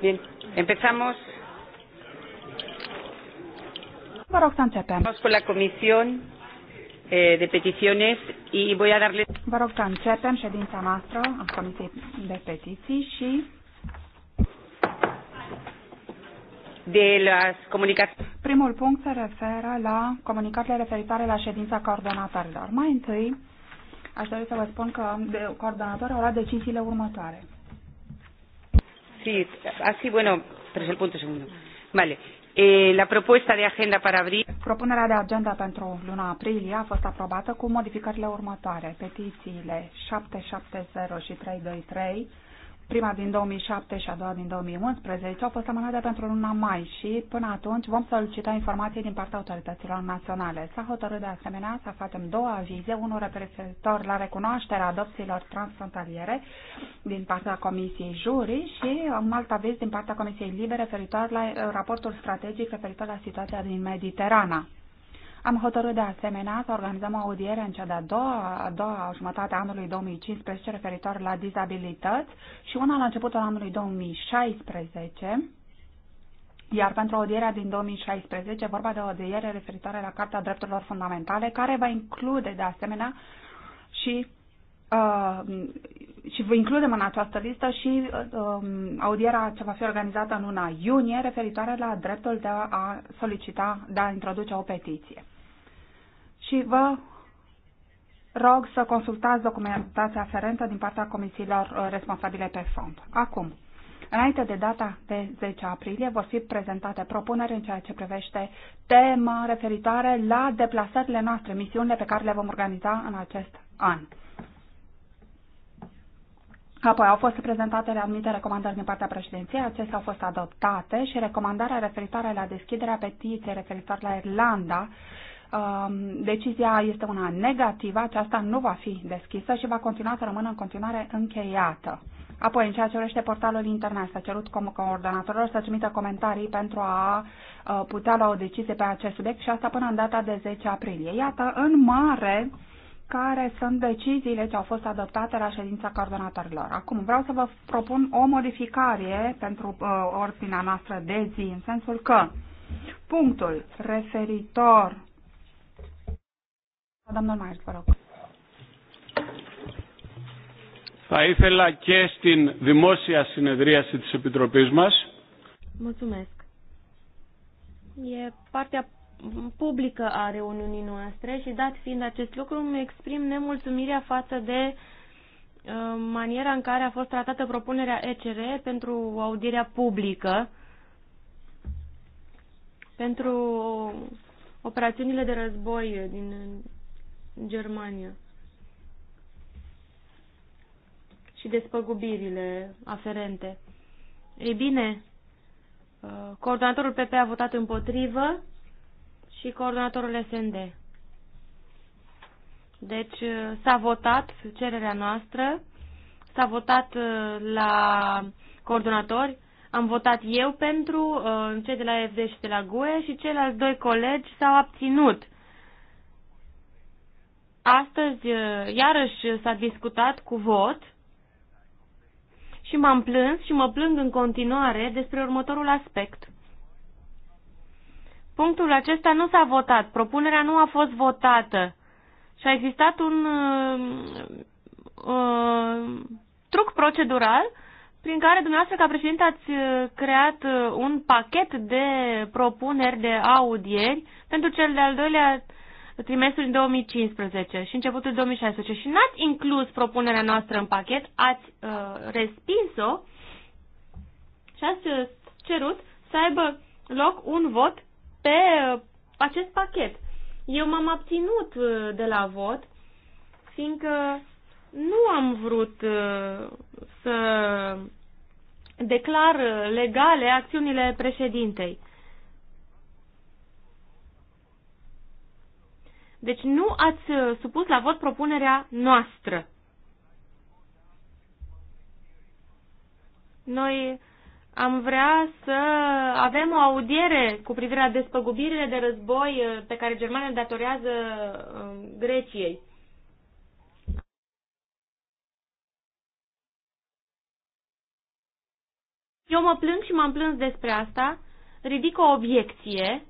Bien, empezamos. Vă să începem. Vamos con la comisión eh, de peticiones y voy a darle... Vă rog să începem ședința noastră a Comisiei de Petiții și... De las Primul punct se referă la comunicările referitoare la ședința coordonatorilor. Mai întâi, aș dori să vă spun că coordonatorii au luat deciziile următoare. Sí, así, bueno, es el punto segundo. Vale. Eh, la propuesta de agenda para abril. Propunerea de agenda pentru luna aprilie a fost aprobată cu modificările următoare. Petițiile 770 și 323 prima din 2007 și a doua din 2011 au fost amânate pentru luna mai și până atunci vom solicita informații din partea autorităților naționale. S-a hotărât de asemenea să facem două avize, unul referitor la recunoașterea adopțiilor transfrontaliere din partea Comisiei Jurii și un alt aviz din partea Comisiei Libere referitor la raportul strategic referitor la situația din Mediterana. Am hotărât de asemenea să organizăm o audiere în cea de-a doua, a doua jumătate a anului 2015 referitor la dizabilități și una la începutul anului 2016 iar pentru audierea din 2016, vorba de o audiere referitoare la Carta Drepturilor Fundamentale, care va include, de asemenea, și, uh, și vă includem în această listă și uh, audierea ce va fi organizată în luna iunie, referitoare la dreptul de a solicita, de a introduce o petiție și vă rog să consultați documentația aferentă din partea comisiilor uh, responsabile pe fond. Acum, înainte de data de 10 aprilie, vor fi prezentate propuneri în ceea ce privește tema referitoare la deplasările noastre, misiunile pe care le vom organiza în acest an. Apoi au fost prezentate anumite recomandări din partea președinției, acestea au fost adoptate și recomandarea referitoare la deschiderea petiției referitoare la Irlanda Um, decizia este una negativă, aceasta nu va fi deschisă și va continua să rămână în continuare încheiată. Apoi, în ceea ce urește portalul internet, s-a cerut coordonatorilor să trimită comentarii pentru a uh, putea lua o decizie pe acest subiect și asta până în data de 10 aprilie. Iată, în mare, care sunt deciziile ce au fost adoptate la ședința coordonatorilor. Acum vreau să vă propun o modificare pentru uh, ordinea noastră de zi, în sensul că punctul referitor Domnul Maier, vă rog. Θα ήθελα και στην δημόσια συνεδρίαση της Επιτροπής μας. Mulțumesc. E partea publică a reuniunii noastre și dat fiind acest lucru îmi exprim nemulțumirea față de uh, maniera în care a fost tratată propunerea ECR pentru audierea publică pentru operațiunile de război din Germania și despăgubirile aferente. Ei bine, uh, coordonatorul PP a votat împotrivă și coordonatorul SND. Deci uh, s-a votat cererea noastră, s-a votat uh, la coordonatori, am votat eu pentru, cei de la FD și de la GUE și ceilalți doi colegi s-au abținut. Astăzi, uh, iarăși, s-a discutat cu vot și m-am plâns și mă plâng în continuare despre următorul aspect. Punctul acesta nu s-a votat, propunerea nu a fost votată și a existat un uh, uh, truc procedural prin care dumneavoastră ca președinte ați uh, creat uh, un pachet de propuneri de audieri pentru cel de-al doilea trimestrul 2015 și începutul 2016 și n-ați inclus propunerea noastră în pachet, ați uh, respins-o și ați uh, cerut să aibă loc un vot pe uh, acest pachet. Eu m-am abținut uh, de la vot, fiindcă nu am vrut uh, să declar uh, legale acțiunile președintei. Deci nu ați uh, supus la vot propunerea noastră. Noi am vrea să avem o audiere cu privire la despăgubirile de război uh, pe care Germania datorează um, Greciei. Eu mă plâng și m-am plâns despre asta, ridic o obiecție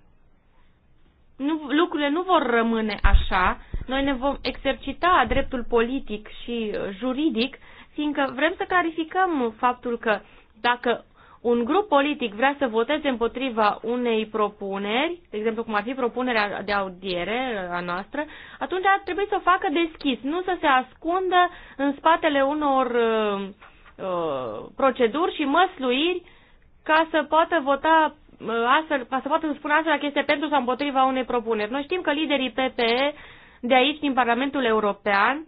nu, lucrurile nu vor rămâne așa. Noi ne vom exercita dreptul politic și uh, juridic, fiindcă vrem să clarificăm faptul că dacă un grup politic vrea să voteze împotriva unei propuneri, de exemplu cum ar fi propunerea de audiere uh, a noastră, atunci ar trebui să o facă deschis, nu să se ascundă în spatele unor uh, uh, proceduri și măsluiri ca să poată vota astfel, să poată să spună astfel dacă este pentru sau împotriva unei propuneri. Noi știm că liderii PPE de aici, din Parlamentul European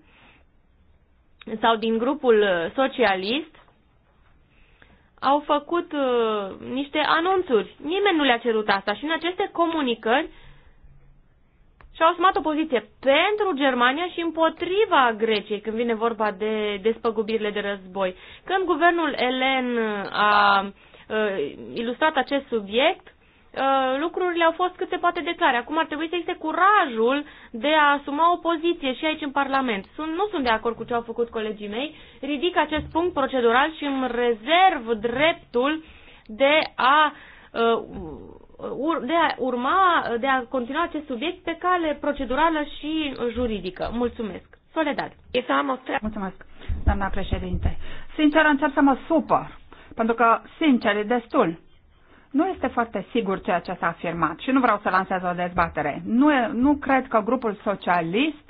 sau din grupul uh, socialist, au făcut uh, niște anunțuri. Nimeni nu le-a cerut asta și în aceste comunicări și-au asumat o poziție pentru Germania și împotriva Greciei când vine vorba de despăgubirile de război. Când guvernul Elen uh, a uh, uh, ilustrat acest subiect, uh, lucrurile au fost cât se poate declare. Acum ar trebui să existe curajul de a asuma o poziție și aici în Parlament. Sunt, nu sunt de acord cu ce au făcut colegii mei, ridic acest punct procedural și îmi rezerv dreptul de a uh, de a urma, de a continua acest subiect pe cale procedurală și juridică. Mulțumesc. Soledad. Mulțumesc, doamna președinte. Sincer, încerc să mă supăr pentru că, sincer, e destul. Nu este foarte sigur ceea ce s-a afirmat și nu vreau să lansez o dezbatere. Nu, e, nu cred că grupul socialist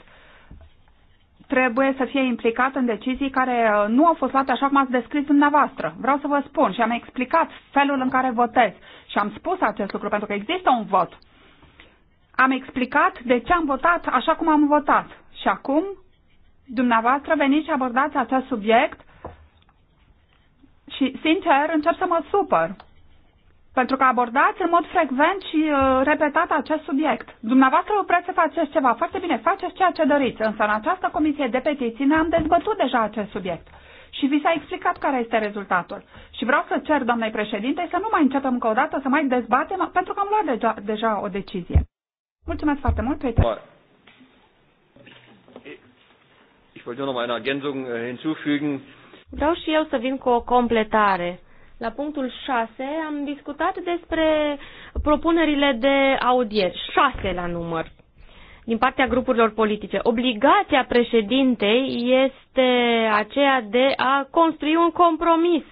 trebuie să fie implicat în decizii care uh, nu au fost luate așa cum ați descris dumneavoastră. Vreau să vă spun și am explicat felul în care votez și am spus acest lucru pentru că există un vot. Am explicat de ce am votat așa cum am votat și acum dumneavoastră veniți și abordați acest subiect și, sincer, încep să mă supăr. Pentru că abordați în mod frecvent și uh, repetat acest subiect. Dumneavoastră vreți să faceți ceva. Foarte bine, faceți ceea ce doriți. Însă în această comisie de petiții ne-am dezbătut deja acest subiect. Și vi s-a explicat care este rezultatul. Și vreau să cer, doamnei președinte, să nu mai începem încă o dată să mai dezbatem, pentru că am luat deja, deja o decizie. Mulțumesc foarte mult, Peter. Ich wollte nur noch mal eine Ergänzung äh, hinzufügen. Vreau și eu să vin cu o completare. La punctul 6 am discutat despre propunerile de audieri, 6 la număr, din partea grupurilor politice. Obligația președintei este aceea de a construi un compromis.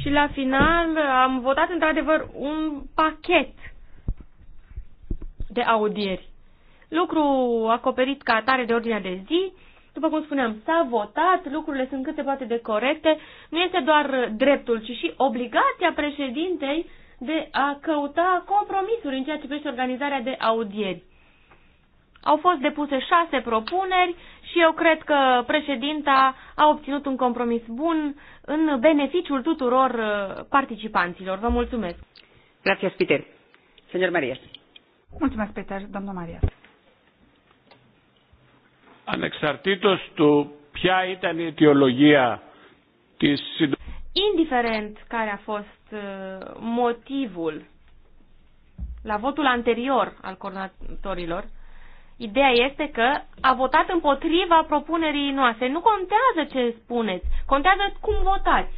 Și la final am votat într-adevăr un pachet de audieri. Lucru acoperit ca atare de ordinea de zi după cum spuneam, s-a votat, lucrurile sunt câte poate de corecte. Nu este doar dreptul, ci și obligația președintei de a căuta compromisuri în ceea ce privește organizarea de audieri. Au fost depuse șase propuneri și eu cred că președinta a obținut un compromis bun în beneficiul tuturor uh, participanților. Vă mulțumesc. Gracias, Peter. Señor Marias. Mulțumesc, Peter. Domnul Marias. Indiferent care a fost uh, motivul la votul anterior al coordonatorilor, Ideea este că a votat împotriva propunerii noastre. Nu contează ce spuneți, contează cum votați.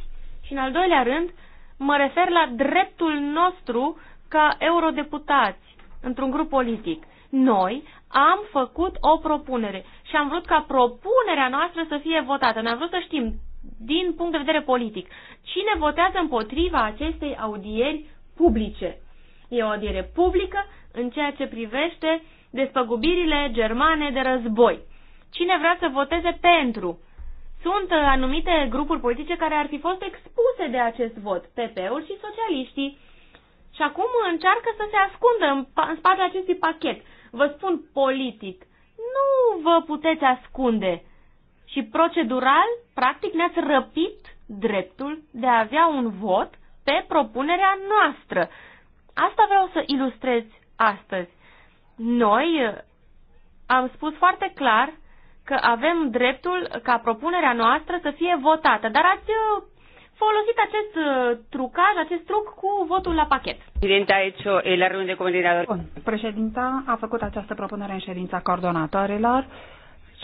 Și în al doilea rând, mă refer la dreptul nostru ca eurodeputați într-un grup politic. Noi am făcut o propunere și am vrut ca propunerea noastră să fie votată. ne am vrut să știm, din punct de vedere politic, cine votează împotriva acestei audieri publice. E o audiere publică în ceea ce privește despăgubirile germane de război. Cine vrea să voteze pentru? Sunt uh, anumite grupuri politice care ar fi fost expuse de acest vot, PP-ul și socialiștii. Și acum încearcă să se ascundă în spatele acestui pachet. Vă spun politic, vă puteți ascunde. Și procedural, practic, ne-ați răpit dreptul de a avea un vot pe propunerea noastră. Asta vreau să ilustrez astăzi. Noi uh, am spus foarte clar că avem dreptul ca propunerea noastră să fie votată, dar ați uh, folosit acest uh, trucaj, acest truc cu votul la pachet. Președinta a hecho la de coordinador. Bun. Președinta a făcut această propunere în ședința coordonatorilor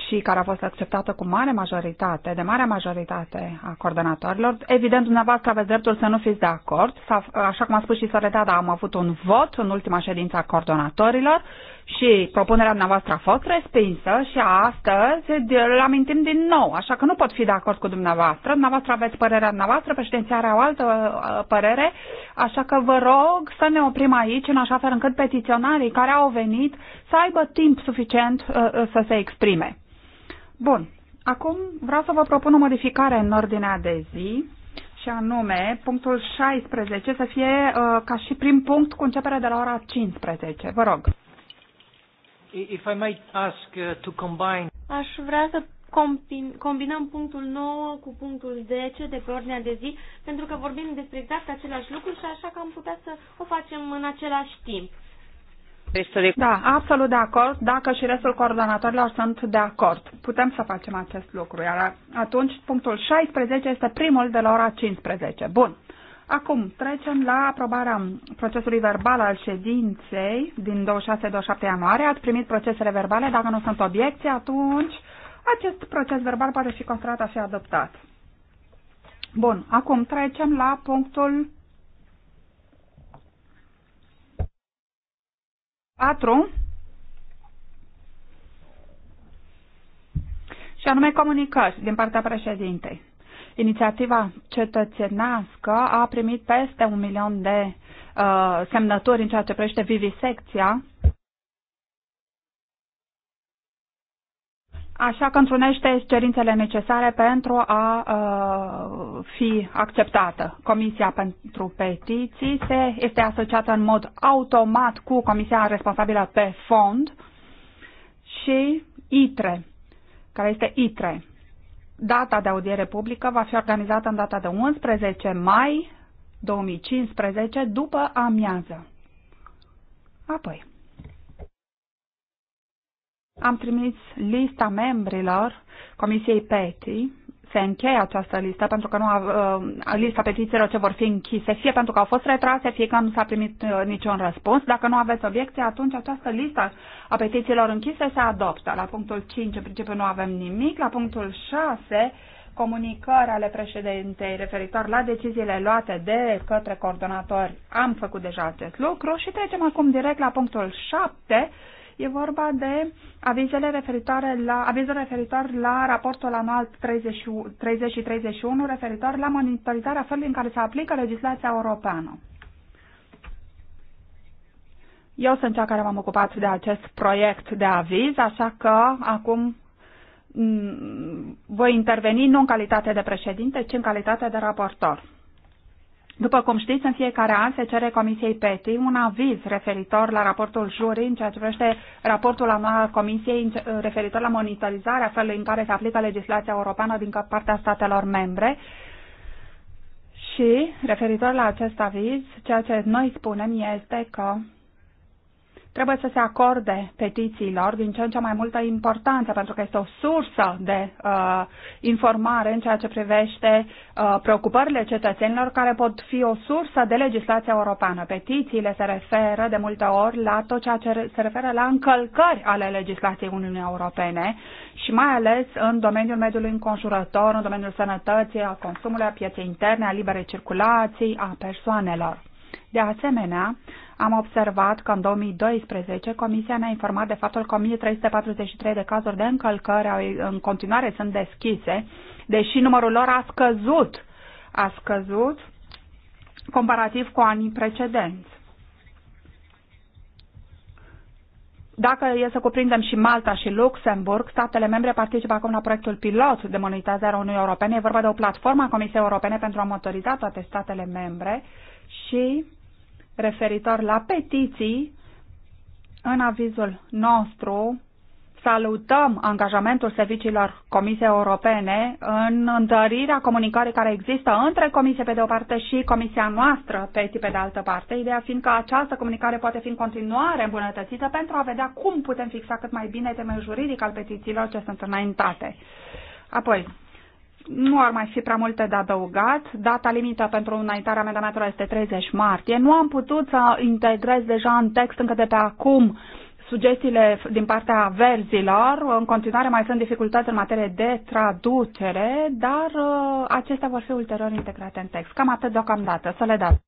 și care a fost acceptată cu mare majoritate, de mare majoritate a coordonatorilor. Evident, dumneavoastră aveți dreptul să nu fiți de acord. Așa cum a spus și Soledad, am avut un vot în ultima ședință a coordonatorilor și propunerea noastră a fost respinsă și astăzi îl amintim din nou, așa că nu pot fi de acord cu dumneavoastră. Dumneavoastră aveți părerea noastră, președinția are o altă uh, părere, așa că vă rog să ne oprim aici în așa fel încât petiționarii care au venit să aibă timp suficient uh, uh, să se exprime. Bun, acum vreau să vă propun o modificare în ordinea de zi și anume punctul 16 să fie uh, ca și prim punct cu începere de la ora 15. Vă rog. If I might ask uh, to combine... Aș vrea să combinăm punctul 9 cu punctul 10 de pe ordinea de zi, pentru că vorbim despre exact același lucru și așa că am putea să o facem în același timp. Da, absolut de acord, dacă și restul coordonatorilor sunt de acord. Putem să facem acest lucru, iar atunci punctul 16 este primul de la ora 15. Bun. Acum, trecem la aprobarea procesului verbal al ședinței din 26-27 ianuarie. Ați primit procesele verbale. Dacă nu sunt obiecții, atunci acest proces verbal poate fi considerat a fi adoptat. Bun, acum trecem la punctul 4 și anume comunicări din partea președintei. Inițiativa cetățenească a primit peste un milion de uh, semnături în ceea ce privește vivisecția. Așa că întrunește cerințele necesare pentru a uh, fi acceptată. Comisia pentru petiții se, este asociată în mod automat cu Comisia responsabilă pe fond și ITRE, care este ITRE. Data de audiere publică va fi organizată în data de 11 mai 2015 după amiază. Apoi, am trimis lista membrilor Comisiei PETI se încheie această listă, pentru că nu a, a ă, lista petițiilor ce vor fi închise, fie pentru că au fost retrase, fie că nu s-a primit uh, niciun răspuns. Dacă nu aveți obiecții, atunci această listă a petițiilor închise se adoptă. La punctul 5, în principiu, nu avem nimic. La punctul 6, comunicări ale președintei referitor la deciziile luate de către coordonatori. Am făcut deja acest lucru și trecem acum direct la punctul 7, E vorba de avizele referitoare la, avizele referitor la raportul anual 30, 30 și 31 referitor la monitorizarea felului în care se aplică legislația europeană. Eu sunt cea care m-am ocupat de acest proiect de aviz, așa că acum mm, voi interveni nu în calitate de președinte, ci în calitate de raportor. După cum știți, în fiecare an se cere Comisiei PETI un aviz referitor la raportul jury în ceea ce privește raportul anual al Comisiei referitor la monitorizarea felului în care se aplică legislația europeană din partea statelor membre. Și referitor la acest aviz, ceea ce noi spunem este că trebuie să se acorde petițiilor din ce în ce mai multă importanță, pentru că este o sursă de uh, informare în ceea ce privește uh, preocupările cetățenilor, care pot fi o sursă de legislație europeană. Petițiile se referă de multe ori la tot ceea ce se referă la încălcări ale legislației Uniunii Europene și mai ales în domeniul mediului înconjurător, în domeniul sănătății, a consumului, a pieței interne, a liberei circulații, a persoanelor. De asemenea, am observat că în 2012 Comisia ne-a informat de faptul că 1343 de cazuri de încălcări în continuare sunt deschise, deși numărul lor a scăzut, a scăzut comparativ cu anii precedenți. Dacă e să cuprindem și Malta și Luxemburg, statele membre participă acum la proiectul pilot de monitorizare a Uniunii Europene. E vorba de o platformă a Comisiei Europene pentru a monitoriza toate statele membre și referitor la petiții, în avizul nostru salutăm angajamentul serviciilor Comisiei Europene în întărirea comunicării care există între Comisie pe de o parte și Comisia noastră pe pe de altă parte, ideea fiind că această comunicare poate fi în continuare îmbunătățită pentru a vedea cum putem fixa cât mai bine temeiul juridic al petițiilor ce sunt înaintate. Apoi, nu ar mai fi prea multe de adăugat. Data limită pentru înaintarea amendamentului este 30 martie. Nu am putut să integrez deja în text încă de pe acum sugestiile din partea verzilor. În continuare mai sunt dificultăți în materie de traducere, dar uh, acestea vor fi ulterior integrate în text. Cam atât deocamdată. Să le dați.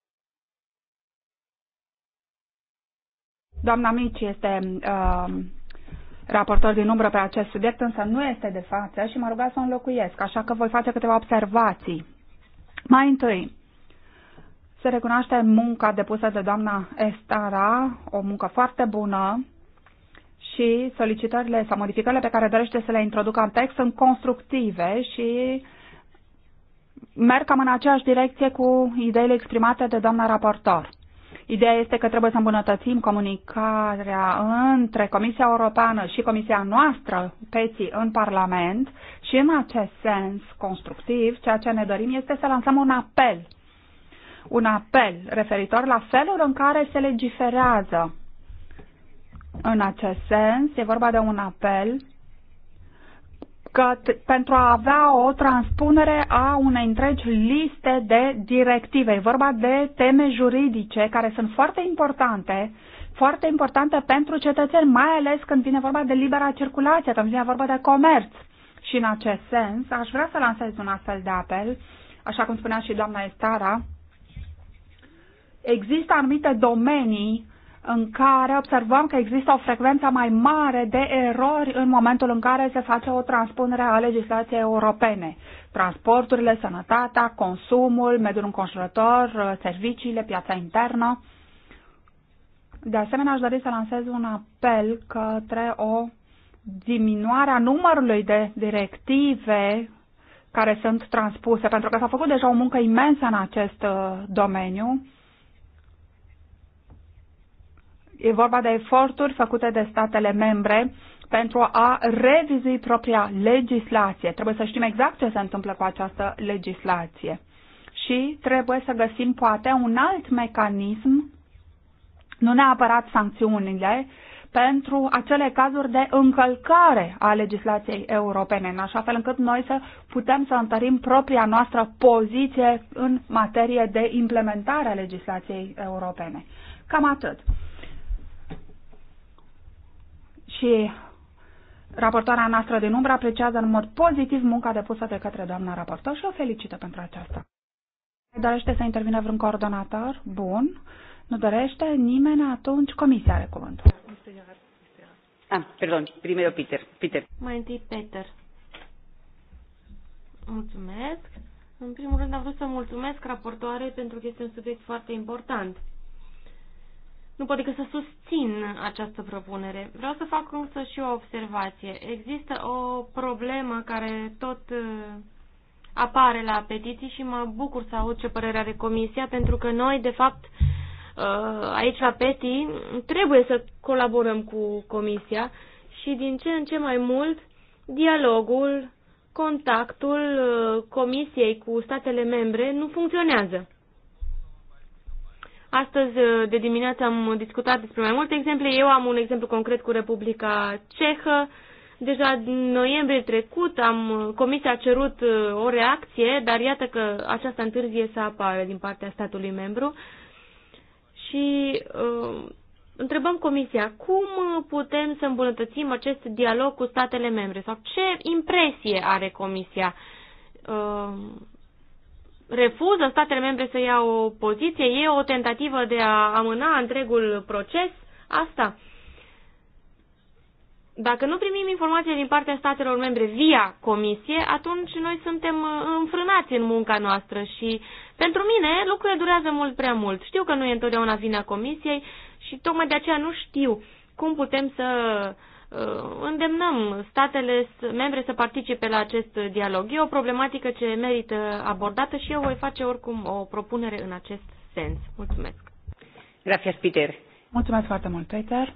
Doamna Mici este uh, raportor din umbră pe acest subiect, însă nu este de față și m-a rugat să o înlocuiesc, așa că voi face câteva observații. Mai întâi, se recunoaște munca depusă de doamna Estara, o muncă foarte bună, și solicitările sau modificările pe care dorește să le introducă în text sunt constructive și merg cam în aceeași direcție cu ideile exprimate de doamna raportor. Ideea este că trebuie să îmbunătățim comunicarea între Comisia Europeană și Comisia noastră, peții, în Parlament și în acest sens constructiv, ceea ce ne dorim este să lansăm un apel. Un apel referitor la felul în care se legiferează. În acest sens, e vorba de un apel că pentru a avea o transpunere a unei întregi liste de directive. E vorba de teme juridice care sunt foarte importante, foarte importante pentru cetățeni, mai ales când vine vorba de libera circulație, când vine vorba de comerț. Și în acest sens, aș vrea să lansez un astfel de apel, așa cum spunea și doamna Estara, există anumite domenii în care observăm că există o frecvență mai mare de erori în momentul în care se face o transpunere a legislației europene. Transporturile, sănătatea, consumul, mediul înconjurător, serviciile, piața internă. De asemenea, aș dori să lansez un apel către o diminuare a numărului de directive care sunt transpuse, pentru că s-a făcut deja o muncă imensă în acest uh, domeniu E vorba de eforturi făcute de statele membre pentru a revizui propria legislație. Trebuie să știm exact ce se întâmplă cu această legislație. Și trebuie să găsim poate un alt mecanism, nu neapărat sancțiunile, pentru acele cazuri de încălcare a legislației europene, în așa fel încât noi să putem să întărim propria noastră poziție în materie de implementare a legislației europene. Cam atât și raportoarea noastră din umbră apreciază în mod pozitiv munca depusă de către doamna raportor și o felicită pentru aceasta. Dorește să intervină vreun coordonator? Bun. Nu dorește nimeni, atunci comisia are cuvântul. Ah, perdon, primero Peter. Peter. Mai întâi Peter. Mulțumesc. În primul rând am vrut să mulțumesc raportoare pentru că este un subiect foarte important nu pot decât să susțin această propunere. Vreau să fac însă și o observație. Există o problemă care tot uh, apare la petiții și mă bucur să aud ce părere are comisia, pentru că noi, de fapt, uh, aici la PETI trebuie să colaborăm cu comisia și din ce în ce mai mult dialogul, contactul uh, comisiei cu statele membre nu funcționează. Astăzi uh, de dimineață am discutat despre mai multe exemple. Eu am un exemplu concret cu Republica Cehă. Deja în noiembrie trecut am, uh, comisia a cerut uh, o reacție, dar iată că această întârzie să apară din partea statului membru. Și uh, întrebăm comisia, cum putem să îmbunătățim acest dialog cu statele membre? Sau ce impresie are comisia? Uh, refuză statele membre să ia o poziție, e o tentativă de a amâna întregul proces, asta. Dacă nu primim informații din partea statelor membre via comisie, atunci noi suntem uh, înfrânați în munca noastră și pentru mine lucrurile durează mult prea mult. Știu că nu e întotdeauna vina comisiei și tocmai de aceea nu știu cum putem să uh, Uh, îndemnăm statele membre să participe la acest dialog. E o problematică ce merită abordată și eu voi face oricum o propunere în acest sens. Mulțumesc. Gracias, Peter. Mulțumesc foarte mult, Peter.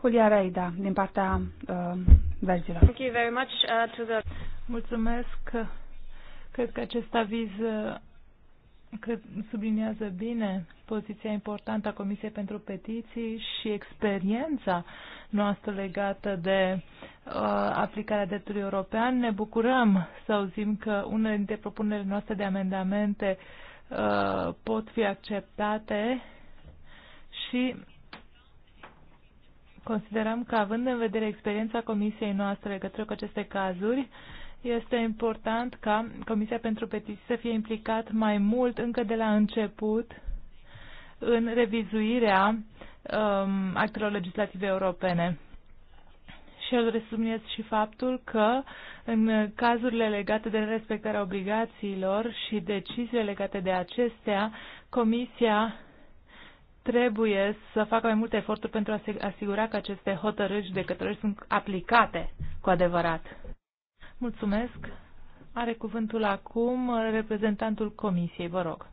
Julia Reida, din partea uh, verzilor. Thank you very much, uh, to the... Mulțumesc. Cred că acest aviz uh, cred, subliniază bine poziția importantă a Comisiei pentru Petiții și experiența noastră legată de uh, aplicarea dreptului european. Ne bucurăm să auzim că unele dintre propunerile noastre de amendamente uh, pot fi acceptate și considerăm că, având în vedere experiența Comisiei noastre legătură cu aceste cazuri, uh, este important ca Comisia pentru Petiții să fie implicat mai mult încă de la început în revizuirea um, actelor legislative europene. Și eu doresc subliniez și faptul că în cazurile legate de respectarea obligațiilor și deciziile legate de acestea, Comisia trebuie să facă mai multe eforturi pentru a se asigura că aceste hotărâri judecătorești sunt aplicate cu adevărat. Mulțumesc. Are cuvântul acum reprezentantul Comisiei, vă rog.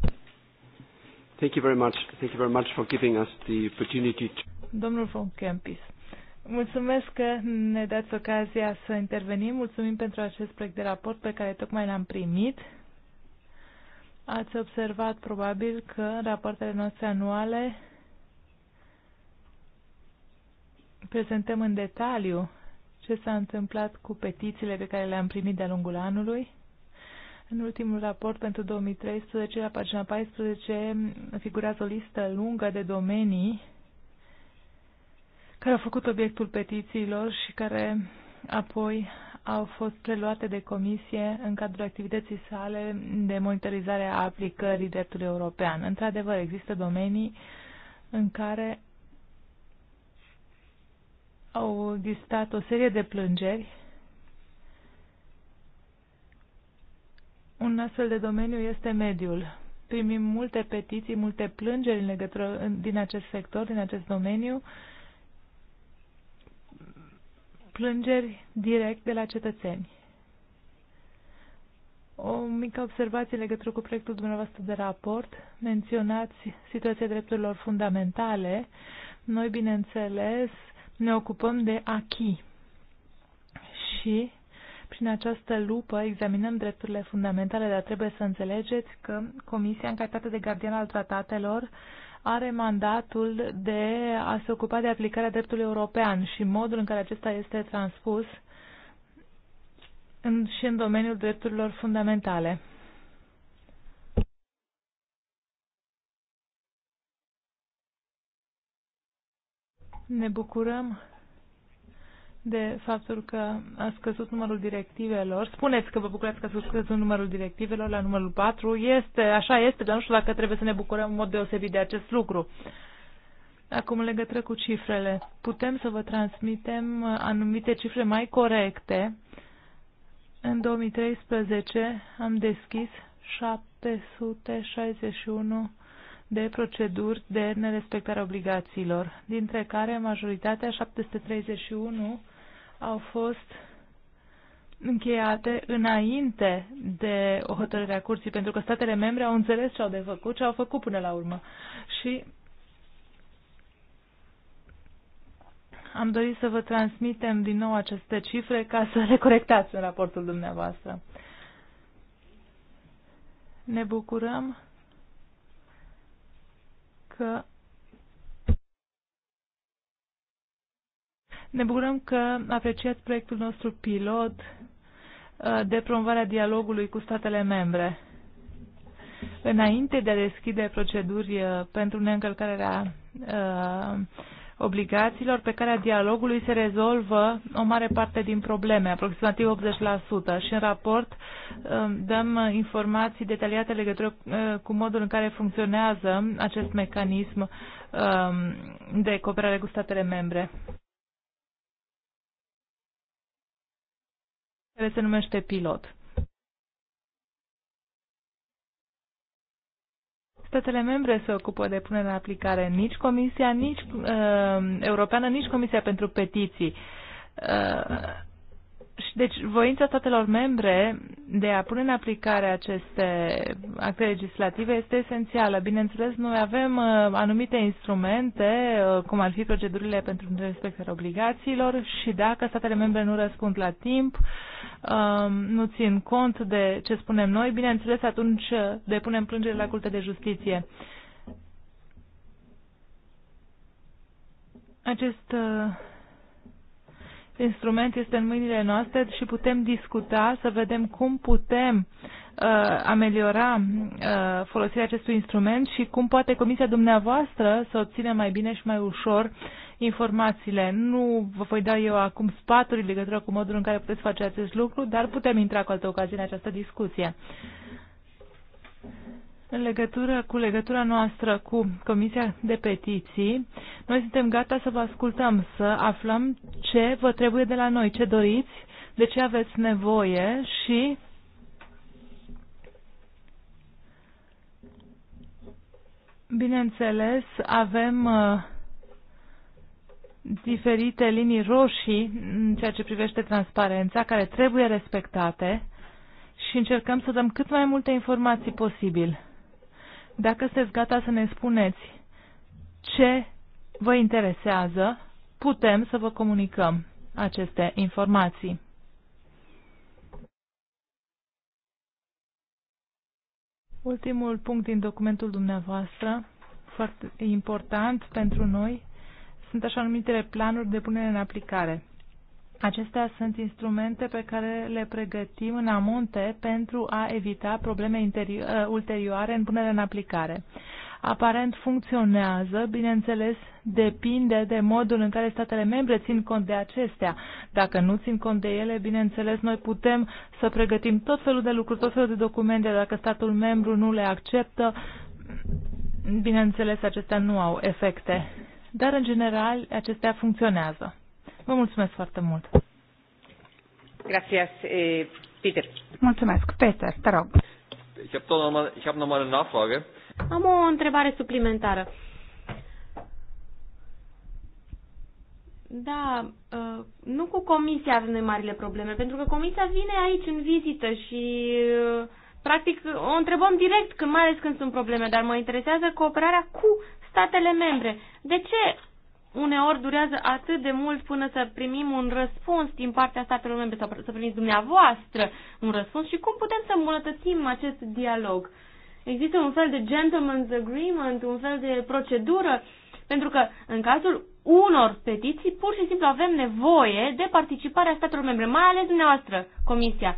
Thank you very much. Thank you very much for giving us the opportunity to... Domnul von Kempis, mulțumesc că ne dați ocazia să intervenim. Mulțumim pentru acest proiect de raport pe care tocmai l-am primit. Ați observat probabil că rapoartele noastre anuale prezentăm în detaliu ce s-a întâmplat cu petițiile pe care le-am primit de-a lungul anului. În ultimul raport pentru 2013, la pagina 14, figurează o listă lungă de domenii care au făcut obiectul petițiilor și care apoi au fost preluate de comisie în cadrul activității sale de monitorizare a aplicării dreptului european. Într-adevăr, există domenii în care au existat o serie de plângeri. Un astfel de domeniu este mediul. Primim multe petiții, multe plângeri în legătură din acest sector, din acest domeniu, plângeri direct de la cetățeni. O mică observație în legătură cu proiectul dumneavoastră de raport. Menționați situația drepturilor fundamentale. Noi, bineînțeles, ne ocupăm de achi și prin această lupă examinăm drepturile fundamentale, dar trebuie să înțelegeți că Comisia, în calitate de gardian al tratatelor, are mandatul de a se ocupa de aplicarea dreptului european și modul în care acesta este transpus în, și în domeniul drepturilor fundamentale. Ne bucurăm de faptul că a scăzut numărul directivelor. Spuneți că vă bucurați că a scăzut numărul directivelor la numărul 4. Este, așa este, dar nu știu dacă trebuie să ne bucurăm în mod deosebit de acest lucru. Acum, legătură cu cifrele, putem să vă transmitem anumite cifre mai corecte. În 2013 am deschis 761 de proceduri de nerespectare obligațiilor, dintre care majoritatea, 731, au fost încheiate înainte de o hotărâre a curții, pentru că statele membre au înțeles ce au de făcut, ce au făcut până la urmă. Și am dorit să vă transmitem din nou aceste cifre ca să le corectați în raportul dumneavoastră. Ne bucurăm că ne bucurăm că apreciați proiectul nostru pilot uh, de promovarea dialogului cu statele membre. Înainte de a deschide proceduri uh, pentru neîncălcarea uh, obligațiilor, pe calea dialogului se rezolvă o mare parte din probleme, aproximativ 80%. Și în raport um, dăm informații detaliate legătură uh, cu modul în care funcționează acest mecanism um, de cooperare cu statele membre. care se numește pilot. statele membre se ocupă de punerea în aplicare, nici Comisia nici, uh, Europeană, nici Comisia pentru Petiții. Uh, și deci voința statelor membre de a pune în aplicare aceste acte legislative este esențială. Bineînțeles, noi avem uh, anumite instrumente, uh, cum ar fi procedurile pentru respectarea obligațiilor și dacă statele membre nu răspund la timp, uh, Um, nu țin cont de ce spunem noi, bineînțeles atunci depunem plângere la Curtea de Justiție. Acest uh, instrument este în mâinile noastre și putem discuta să vedem cum putem uh, ameliora uh, folosirea acestui instrument și cum poate comisia dumneavoastră să obține mai bine și mai ușor informațiile. Nu vă voi da eu acum sfaturi în legătură cu modul în care puteți face acest lucru, dar putem intra cu altă ocazie în această discuție. În legătură cu legătura noastră cu Comisia de Petiții, noi suntem gata să vă ascultăm, să aflăm ce vă trebuie de la noi, ce doriți, de ce aveți nevoie și bineînțeles avem uh, diferite linii roșii în ceea ce privește transparența, care trebuie respectate și încercăm să dăm cât mai multe informații posibil. Dacă sunteți gata să ne spuneți ce vă interesează, putem să vă comunicăm aceste informații. Ultimul punct din documentul dumneavoastră, foarte important pentru noi, sunt așa numitele planuri de punere în aplicare. Acestea sunt instrumente pe care le pregătim în amonte pentru a evita probleme uh, ulterioare în punerea în aplicare. Aparent funcționează, bineînțeles, depinde de modul în care statele membre țin cont de acestea. Dacă nu țin cont de ele, bineînțeles, noi putem să pregătim tot felul de lucruri, tot felul de documente, dacă statul membru nu le acceptă, bineînțeles, acestea nu au efecte dar în general acestea funcționează. Vă mulțumesc foarte mult! Gracias, eh, Peter. Mulțumesc. Peter, te rog. Am o întrebare suplimentară. Da, ă, nu cu comisia avem noi marile probleme, pentru că comisia vine aici în vizită și ă, practic o întrebăm direct, când, mai ales când sunt probleme, dar mă interesează cooperarea cu statele membre. De ce uneori durează atât de mult până să primim un răspuns din partea statelor membre sau să primiți dumneavoastră un răspuns și cum putem să îmbunătățim acest dialog? Există un fel de gentleman's agreement, un fel de procedură, pentru că în cazul unor petiții pur și simplu avem nevoie de participarea statelor membre, mai ales dumneavoastră, Comisia.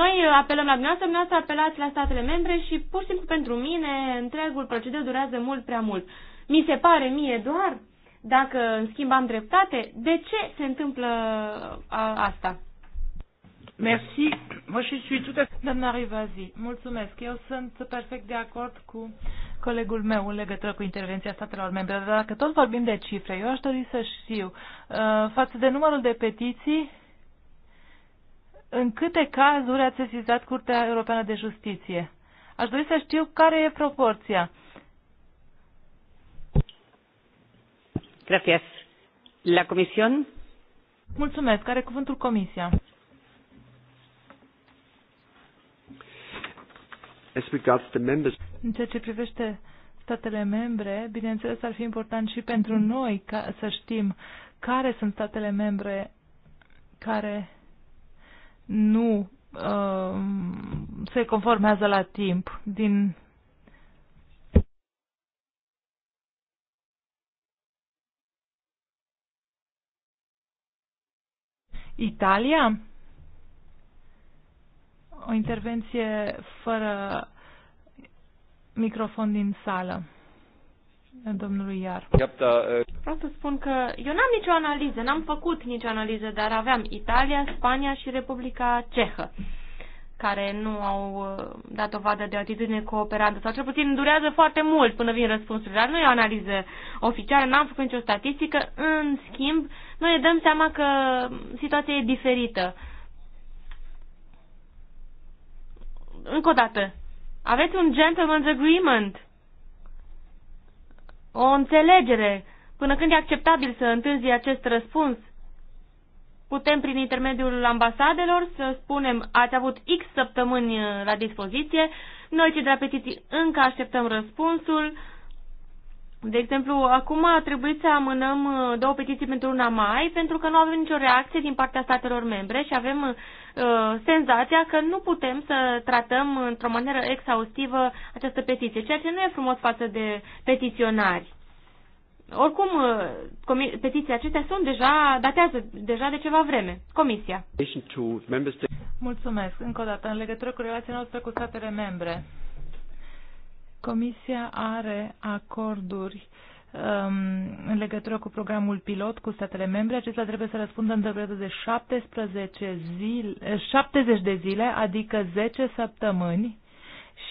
Noi apelăm la dumneavoastră, dumneavoastră apelați la statele membre și pur și simplu pentru mine întregul procedeu durează mult prea mult. Mi se pare mie doar, dacă în schimb am dreptate, de ce se întâmplă asta? Merci. Moi, je suis tout à fait... Doamna Rivazi, mulțumesc. Eu sunt perfect de acord cu colegul meu în legătură cu intervenția statelor membre. Dar dacă tot vorbim de cifre, eu aș dori să știu, uh, față de numărul de petiții, în câte cazuri ați sesizat Curtea Europeană de Justiție? Aș dori să știu care e proporția. Gracias. La comisión? Mulțumesc. cuvântul comisia. În ceea ce privește statele membre, bineînțeles ar fi important și pentru noi ca să știm care sunt statele membre care nu uh, se conformează la timp din Italia? O intervenție fără microfon din sală. Domnului Iar. Uh, Vreau să spun că eu n-am nicio analiză, n-am făcut nicio analiză, dar aveam Italia, Spania și Republica Cehă care nu au uh, dat dovadă de atitudine cooperantă sau cel puțin durează foarte mult până vin răspunsurile. Dar nu e o analiză oficială, n-am făcut nicio statistică, în schimb, noi dăm seama că situația e diferită. Încă o dată, aveți un gentleman's agreement, o înțelegere, până când e acceptabil să întârzi acest răspuns Putem prin intermediul ambasadelor să spunem ați avut X săptămâni uh, la dispoziție, noi cei de la petiții încă așteptăm răspunsul. De exemplu, acum a trebuit să amânăm uh, două petiții pentru una mai, pentru că nu avem nicio reacție din partea statelor membre și avem uh, senzația că nu putem să tratăm într-o manieră exhaustivă această petiție, ceea ce nu e frumos față de petiționari. Oricum, uh, petițiile acestea sunt deja, datează deja de ceva vreme. Comisia. Mulțumesc. Încă o dată, în legătură cu relația noastră cu statele membre, Comisia are acorduri um, în legătură cu programul pilot cu statele membre. Acesta trebuie să răspundă în o de 17 zile, 70 de zile, adică 10 săptămâni.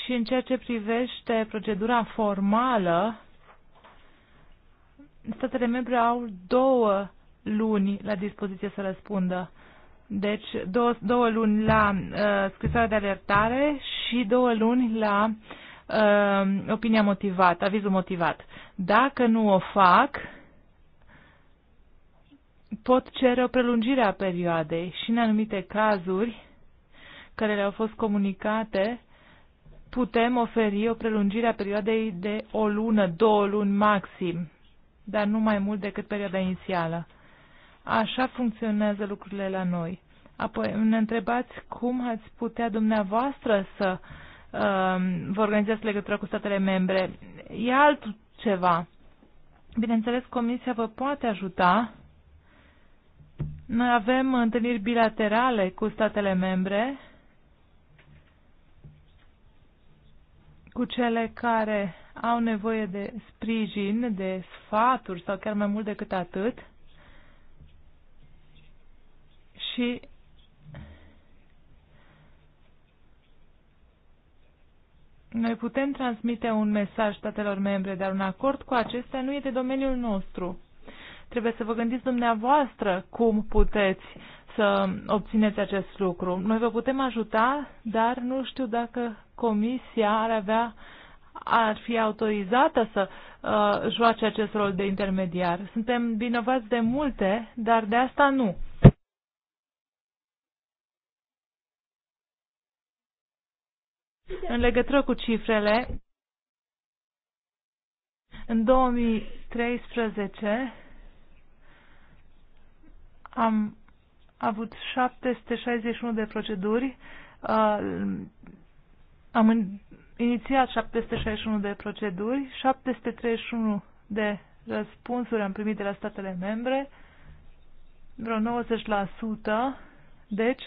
Și în ceea ce privește procedura formală, statele membre au două luni la dispoziție să răspundă. Deci două, două luni la uh, scrisoarea de alertare și două luni la uh, opinia motivată, avizul motivat. Dacă nu o fac, pot cere o prelungire a perioadei și în anumite cazuri care le-au fost comunicate, putem oferi o prelungire a perioadei de o lună, două luni maxim dar nu mai mult decât perioada inițială. Așa funcționează lucrurile la noi. Apoi ne întrebați cum ați putea dumneavoastră să uh, vă organizați legătura cu statele membre. E altceva. Bineînțeles, Comisia vă poate ajuta. Noi avem întâlniri bilaterale cu statele membre, cu cele care au nevoie de sprijin, de sfaturi sau chiar mai mult decât atât. Și Noi putem transmite un mesaj statelor membre, dar un acord cu acestea nu e de domeniul nostru. Trebuie să vă gândiți dumneavoastră cum puteți să obțineți acest lucru. Noi vă putem ajuta, dar nu știu dacă Comisia ar avea uh, ar fi autorizată să uh, joace acest rol de intermediar. Suntem vinovați de multe, dar de asta nu. În legătură cu cifrele, în 2013 am avut 761 de proceduri. Uh, am inițiat 761 de proceduri, 731 de răspunsuri am primit de la statele membre, vreo 90%, deci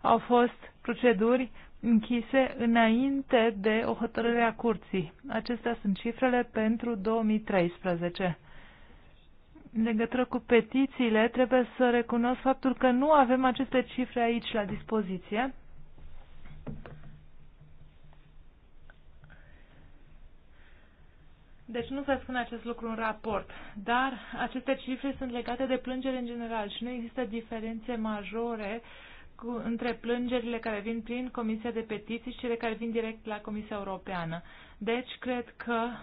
au fost proceduri închise înainte de o hotărâre a curții. Acestea sunt cifrele pentru 2013. În legătură cu petițiile, trebuie să recunosc faptul că nu avem aceste cifre aici la dispoziție. Deci nu se spune acest lucru în raport, dar aceste cifre sunt legate de plângeri în general și nu există diferențe majore cu, între plângerile care vin prin Comisia de Petiții și cele care vin direct la Comisia Europeană. Deci cred că uh,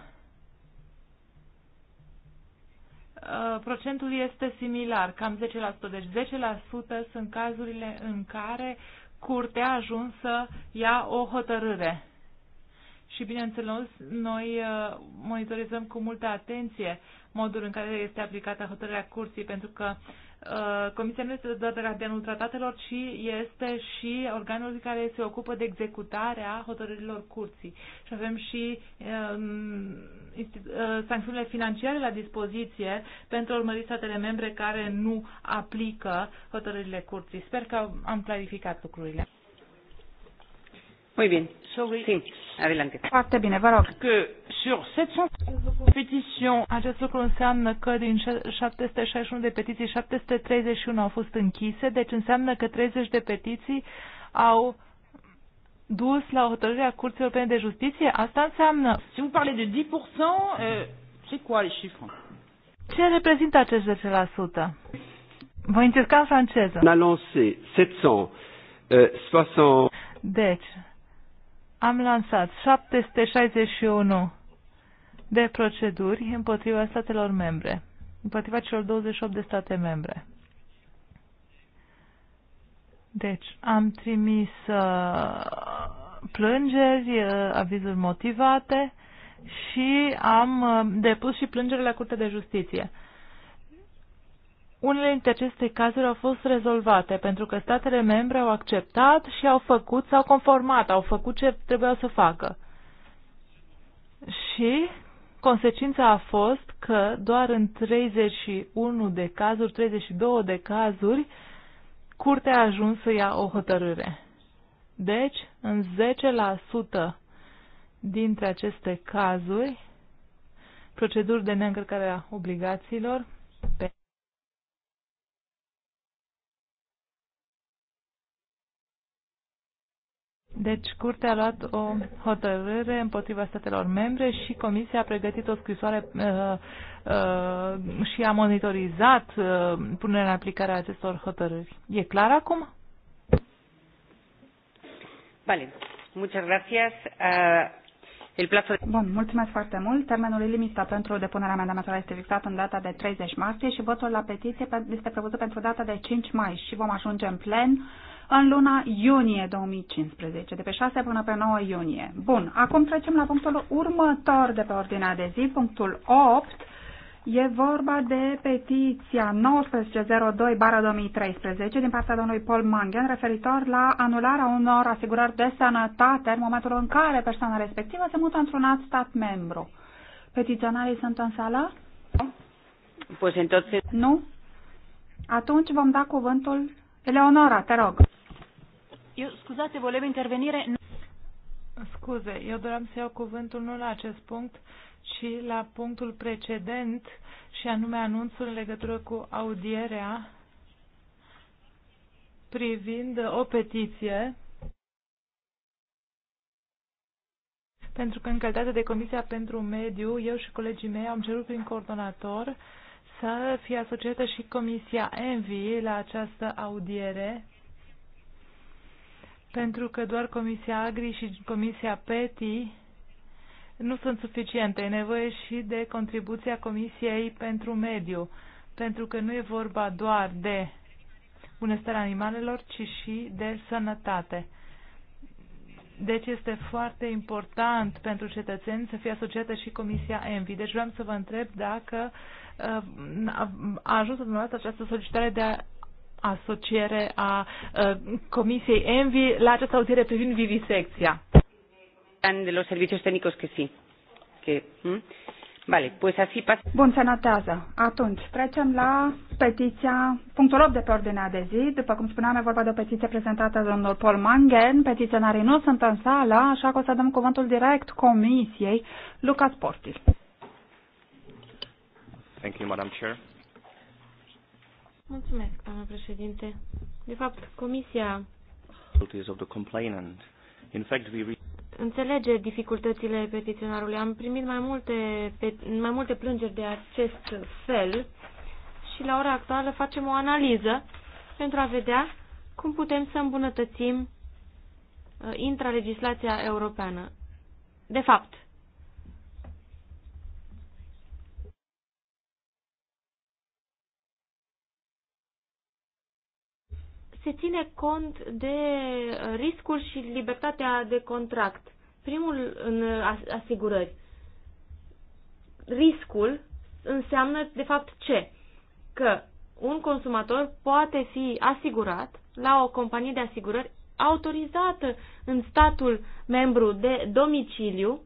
procentul este similar, cam 10%. Deci 10% sunt cazurile în care curtea a ajuns să ia o hotărâre și, bineînțeles, noi uh, monitorizăm cu multă atenție modul în care este aplicată hotărârea curții, pentru că uh, Comisia nu este doar gardianul tratatelor, ci este și organul care se ocupă de executarea hotărârilor curții. Și avem și um, uh, sancțiunile financiare la dispoziție pentru a urmări statele membre care nu aplică hotărârile curții. Sper că am clarificat lucrurile. Muy bien. Sorry. adelante. Foarte bine, vă rog. Că sur 700 Acest lucru înseamnă că din 761 de petiții, 731 au fost închise, deci înseamnă că 30 de petiții au dus la hotărârea Curții Europene de Justiție. Asta înseamnă... Si vous parlez de 10%, euh, c'est quoi les chiffres? Ce reprezintă acest 10%? Voi încerca în franceză. On a lancé 760... Euh, deci, am lansat 761 de proceduri împotriva statelor membre, împotriva celor 28 de state membre. Deci, am trimis uh, plângeri, uh, avizuri motivate și am uh, depus și plângeri la Curtea de Justiție. Unele dintre aceste cazuri au fost rezolvate pentru că statele membre au acceptat și au făcut, s-au conformat, au făcut ce trebuia să facă. Și consecința a fost că doar în 31 de cazuri, 32 de cazuri, curtea a ajuns să ia o hotărâre. Deci, în 10% dintre aceste cazuri, proceduri de neîncărcare a obligațiilor, Deci, Curtea a luat o hotărâre împotriva statelor membre și Comisia a pregătit o scrisoare uh, uh, și a monitorizat uh, punerea în aplicare a acestor hotărâri. E clar acum? Vale. Muchas gracias. Uh... Bun, mulțumesc foarte mult. Termenul limită pentru depunerea amendamentului este fixat în data de 30 martie și votul la petiție este prevăzut pentru data de 5 mai și vom ajunge în plen în luna iunie 2015, de pe 6 până pe 9 iunie. Bun, acum trecem la punctul următor de pe ordinea de zi, punctul 8. E vorba de petiția 1902-2013 din partea domnului Paul Mangen referitor la anularea unor asigurări de sănătate în momentul în care persoana respectivă se mută într-un alt stat membru. Petiționarii sunt în sală? Pues entonces... Nu? Atunci vom da cuvântul Eleonora, te rog. Eu, scuzate, volevo intervenire... Scuze, eu doream să iau cuvântul nu la acest punct, ci la punctul precedent și anume anunțul în legătură cu audierea privind o petiție pentru că în calitate de Comisia pentru Mediu, eu și colegii mei am cerut prin coordonator să fie asociată și Comisia ENVI la această audiere pentru că doar Comisia Agri și Comisia PETI nu sunt suficiente. E nevoie și de contribuția Comisiei pentru Mediu, pentru că nu e vorba doar de bunăstarea animalelor, ci și de sănătate. Deci este foarte important pentru cetățeni să fie asociată și Comisia ENVI. Deci vreau să vă întreb dacă uh, a ajuns în această solicitare de a asociere a Comisiei Envi la această audiere privind vivisecția. De los servicios técnicos que sí. Que, hm? Vale, pues así pas- Bun, se notează. Atunci, trecem la petiția, punctul 8 de pe ordinea de zi. După cum spuneam, e vorba de o petiție prezentată de domnul Paul Mangen. Petiționarii nu sunt în sală, așa că o să dăm cuvântul direct comisiei. Luca Sporti. Thank you, Madam Chair. Mulțumesc, doamnă președinte. De fapt, comisia înțelege dificultățile petiționarului. Am primit mai multe, mai multe plângeri de acest fel și la ora actuală facem o analiză pentru a vedea cum putem să îmbunătățim uh, intralegislația europeană. De fapt, se ține cont de riscuri și libertatea de contract. Primul în asigurări. Riscul înseamnă de fapt ce? Că un consumator poate fi asigurat la o companie de asigurări autorizată în statul membru de domiciliu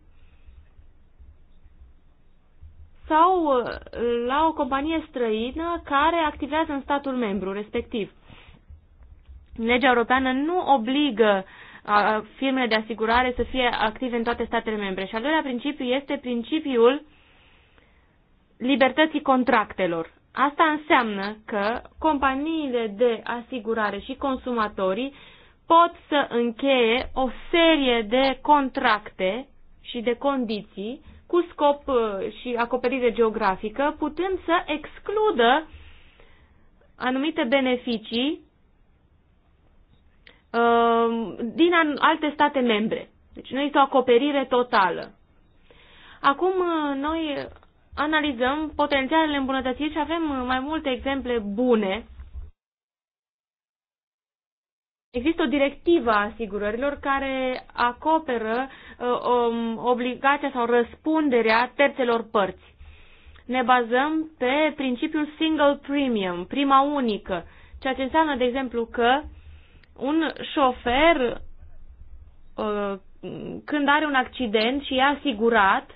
sau uh, la o companie străină care activează în statul membru respectiv. Legea europeană nu obligă firmele de asigurare să fie active în toate statele membre. Și al doilea principiu este principiul libertății contractelor. Asta înseamnă că companiile de asigurare și consumatorii pot să încheie o serie de contracte și de condiții cu scop uh, și acoperire geografică, putând să excludă anumite beneficii Um, din alte state membre. Deci nu este o acoperire totală. Acum uh, noi analizăm potențialele îmbunătățiri și avem uh, mai multe exemple bune. Există o directivă a asigurărilor care acoperă uh, um, obligația sau răspunderea terțelor părți. Ne bazăm pe principiul single premium, prima unică, ceea ce înseamnă, de exemplu, că un șofer uh, când are un accident și e asigurat,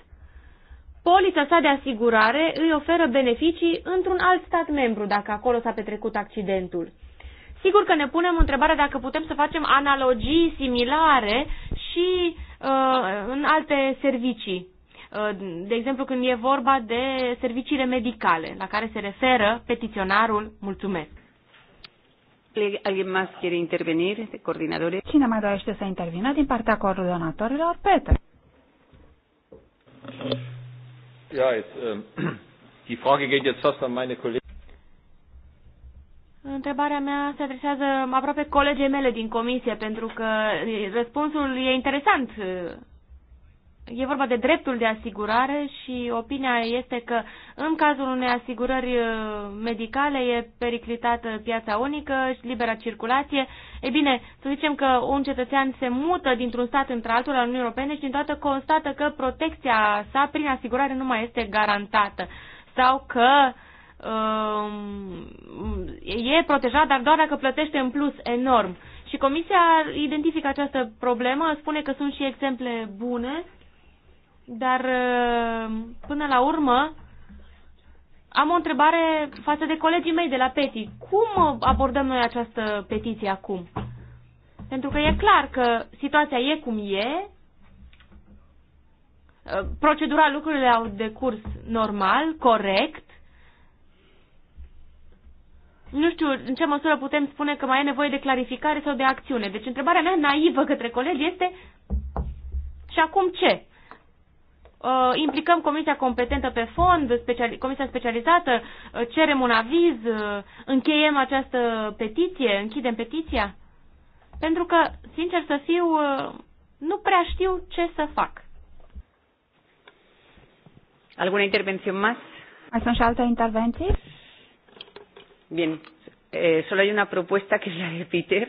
polița sa de asigurare îi oferă beneficii într-un alt stat membru dacă acolo s-a petrecut accidentul. Sigur că ne punem întrebarea dacă putem să facem analogii similare și uh, în alte servicii. Uh, de exemplu, când e vorba de serviciile medicale, la care se referă petiționarul, mulțumesc. Alguien más quiere intervenir, coordinadores? Cine mai dorește să intervină din partea coordonatorilor? Peter. Ja, jetzt, ähm, die Frage geht jetzt fast an meine Kollegen. Întrebarea mea se adresează aproape colegii mele din comisie, pentru că eh, răspunsul e interesant eh, E vorba de dreptul de asigurare și opinia este că în cazul unei asigurări uh, medicale e periclitată piața unică și libera circulație. E bine, să zicem că un cetățean se mută dintr-un stat într-altul al Uniunii Europene și întotdeauna constată că protecția sa prin asigurare nu mai este garantată sau că um, e protejat, dar doar dacă plătește în plus enorm. Și Comisia identifică această problemă, spune că sunt și exemple bune, dar uh, până la urmă am o întrebare față de colegii mei de la PETI. Cum abordăm noi această petiție acum? Pentru că e clar că situația e cum e, uh, procedura lucrurile au decurs normal, corect. Nu știu în ce măsură putem spune că mai e nevoie de clarificare sau de acțiune. Deci întrebarea mea naivă către colegi este și acum ce? uh, implicăm comisia competentă pe fond, speciali- comisia specializată, uh, cerem un aviz, uh, încheiem această petiție, închidem petiția? Pentru că, sincer să fiu, uh, nu prea știu ce să fac. Alguna intervenție mai? Mai sunt și alte intervenții? Bine. Eh, solo hay una propuesta que es la de Peter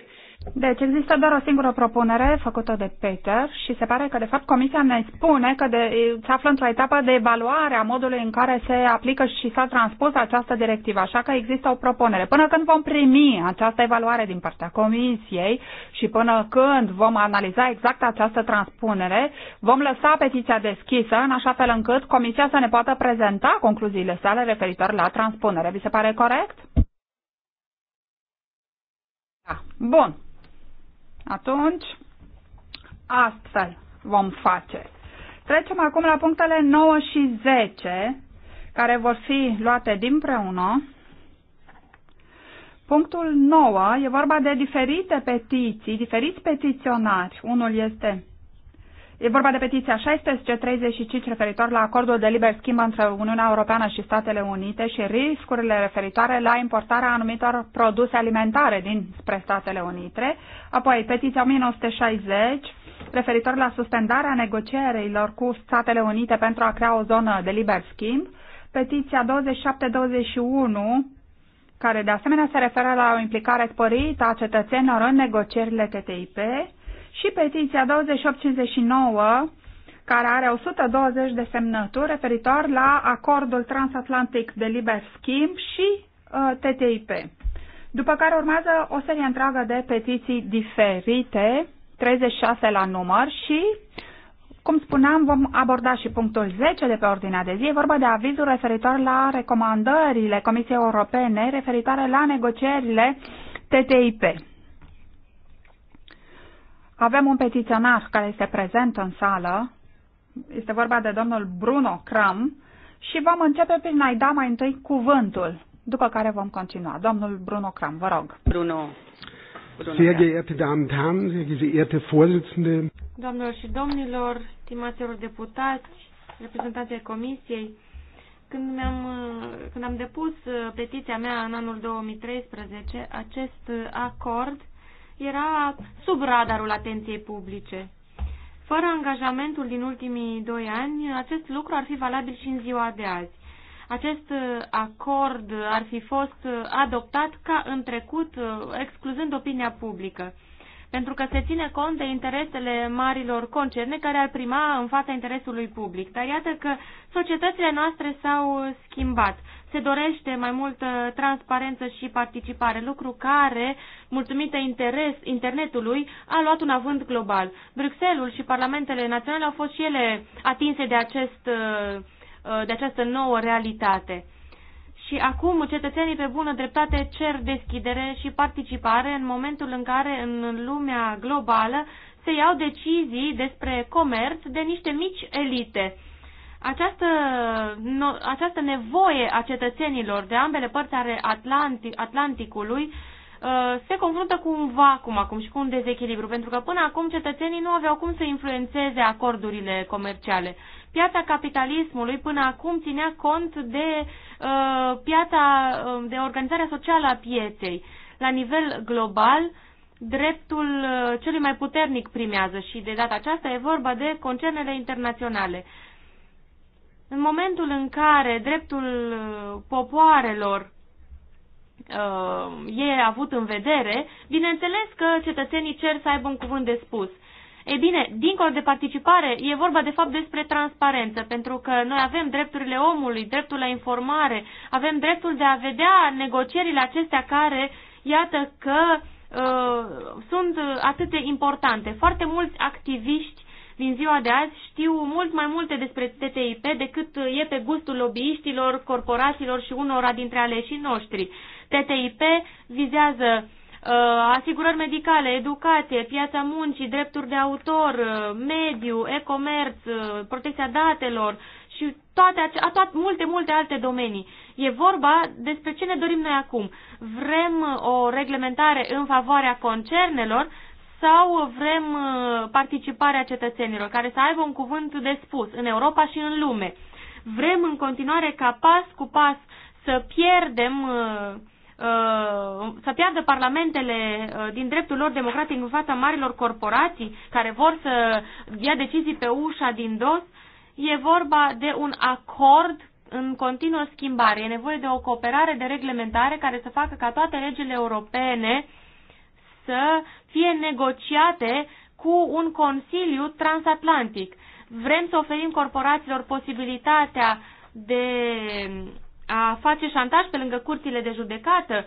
deci există doar o singură propunere făcută de Peter și se pare că de fapt Comisia ne spune că de, se află într-o etapă de evaluare a modului în care se aplică și s-a transpus această directivă, așa că există o propunere. Până când vom primi această evaluare din partea Comisiei și până când vom analiza exact această transpunere, vom lăsa petiția deschisă în așa fel încât Comisia să ne poată prezenta concluziile sale referitor la transpunere. Vi se pare corect? Da. Bun. Atunci, astfel vom face. Trecem acum la punctele 9 și 10, care vor fi luate din preună. Punctul 9 e vorba de diferite petiții, diferiți petiționari. Unul este E vorba de petiția 1635 referitor la acordul de liber schimb între Uniunea Europeană și Statele Unite și riscurile referitoare la importarea anumitor produse alimentare din spre Statele Unite. Apoi, petiția 1960 referitor la suspendarea negocierilor cu Statele Unite pentru a crea o zonă de liber schimb. Petiția 2721 care de asemenea se referă la o implicare sporită a cetățenilor în negocierile TTIP și petiția 2859 care are 120 de semnături referitor la acordul transatlantic de liber schimb și uh, TTIP. După care urmează o serie întreagă de petiții diferite, 36 la număr și, cum spuneam, vom aborda și punctul 10 de pe ordinea de zi. E vorba de avizul referitor la recomandările Comisiei Europene referitoare la negocierile TTIP. Avem un petiționar care este prezent în sală. Este vorba de domnul Bruno Cram și vom începe prin a-i da mai întâi cuvântul, după care vom continua. Domnul Bruno Cram, vă rog. Bruno. sehr geehrte Damen und Herren, sehr geehrte Vorsitzende. Domnilor și domnilor, stimaților deputați, reprezentanții Comisiei, când, am când am depus uh, petiția mea în anul 2013, acest uh, acord era sub radarul atenției publice. Fără angajamentul din ultimii doi ani, acest lucru ar fi valabil și în ziua de azi. Acest uh, acord ar fi fost uh, adoptat ca în trecut, uh, excluzând opinia publică pentru că se ține cont de interesele marilor concerne care ar prima în fața interesului public. Dar iată că societățile noastre s-au schimbat. Se dorește mai multă transparență și participare, lucru care, mulțumită interes, internetului, a luat un avânt global. Bruxelles și parlamentele naționale au fost și ele atinse de, acest, uh, uh, de această nouă realitate. Și acum cetățenii pe bună dreptate cer deschidere și participare în momentul în care în lumea globală se iau decizii despre comerț de niște mici elite. Această, no, această nevoie a cetățenilor de ambele părți ale Atlantic, Atlanticului uh, se confruntă cu un vacuum acum și cu un dezechilibru, pentru că până acum cetățenii nu aveau cum să influențeze acordurile comerciale. Piața capitalismului până acum ținea cont de uh, piața um, de organizarea socială a pieței. La nivel global, dreptul uh, celui mai puternic primează și de data aceasta e vorba de concernele internaționale. În momentul în care dreptul uh, popoarelor uh, e avut în vedere, bineînțeles că cetățenii cer să aibă un cuvânt de spus. E bine, dincolo de participare, e vorba de fapt despre transparență, pentru că noi avem drepturile omului, dreptul la informare, avem dreptul de a vedea negocierile acestea care, iată că uh, sunt atât de importante. Foarte mulți activiști din ziua de azi știu mult mai multe despre TTIP decât e pe gustul lobbyiștilor, corporațiilor și unora dintre aleșii noștri. TTIP vizează Uh, asigurări medicale, educație, piața muncii, drepturi de autor, uh, mediu, e-comerț, uh, protecția datelor și toate, toate, multe, multe alte domenii. E vorba despre ce ne dorim noi acum. Vrem o reglementare în favoarea concernelor sau vrem participarea cetățenilor care să aibă un cuvânt de spus în Europa și în lume. Vrem în continuare ca pas cu pas să pierdem uh, Uh, să piardă parlamentele uh, din dreptul lor democratic în fața marilor corporații care vor să ia decizii pe ușa din dos, e vorba de un acord în continuă schimbare. E nevoie de o cooperare de reglementare care să facă ca toate legile europene să fie negociate cu un consiliu transatlantic. Vrem să oferim corporațiilor posibilitatea de a face șantaj pe lângă curțile de judecată.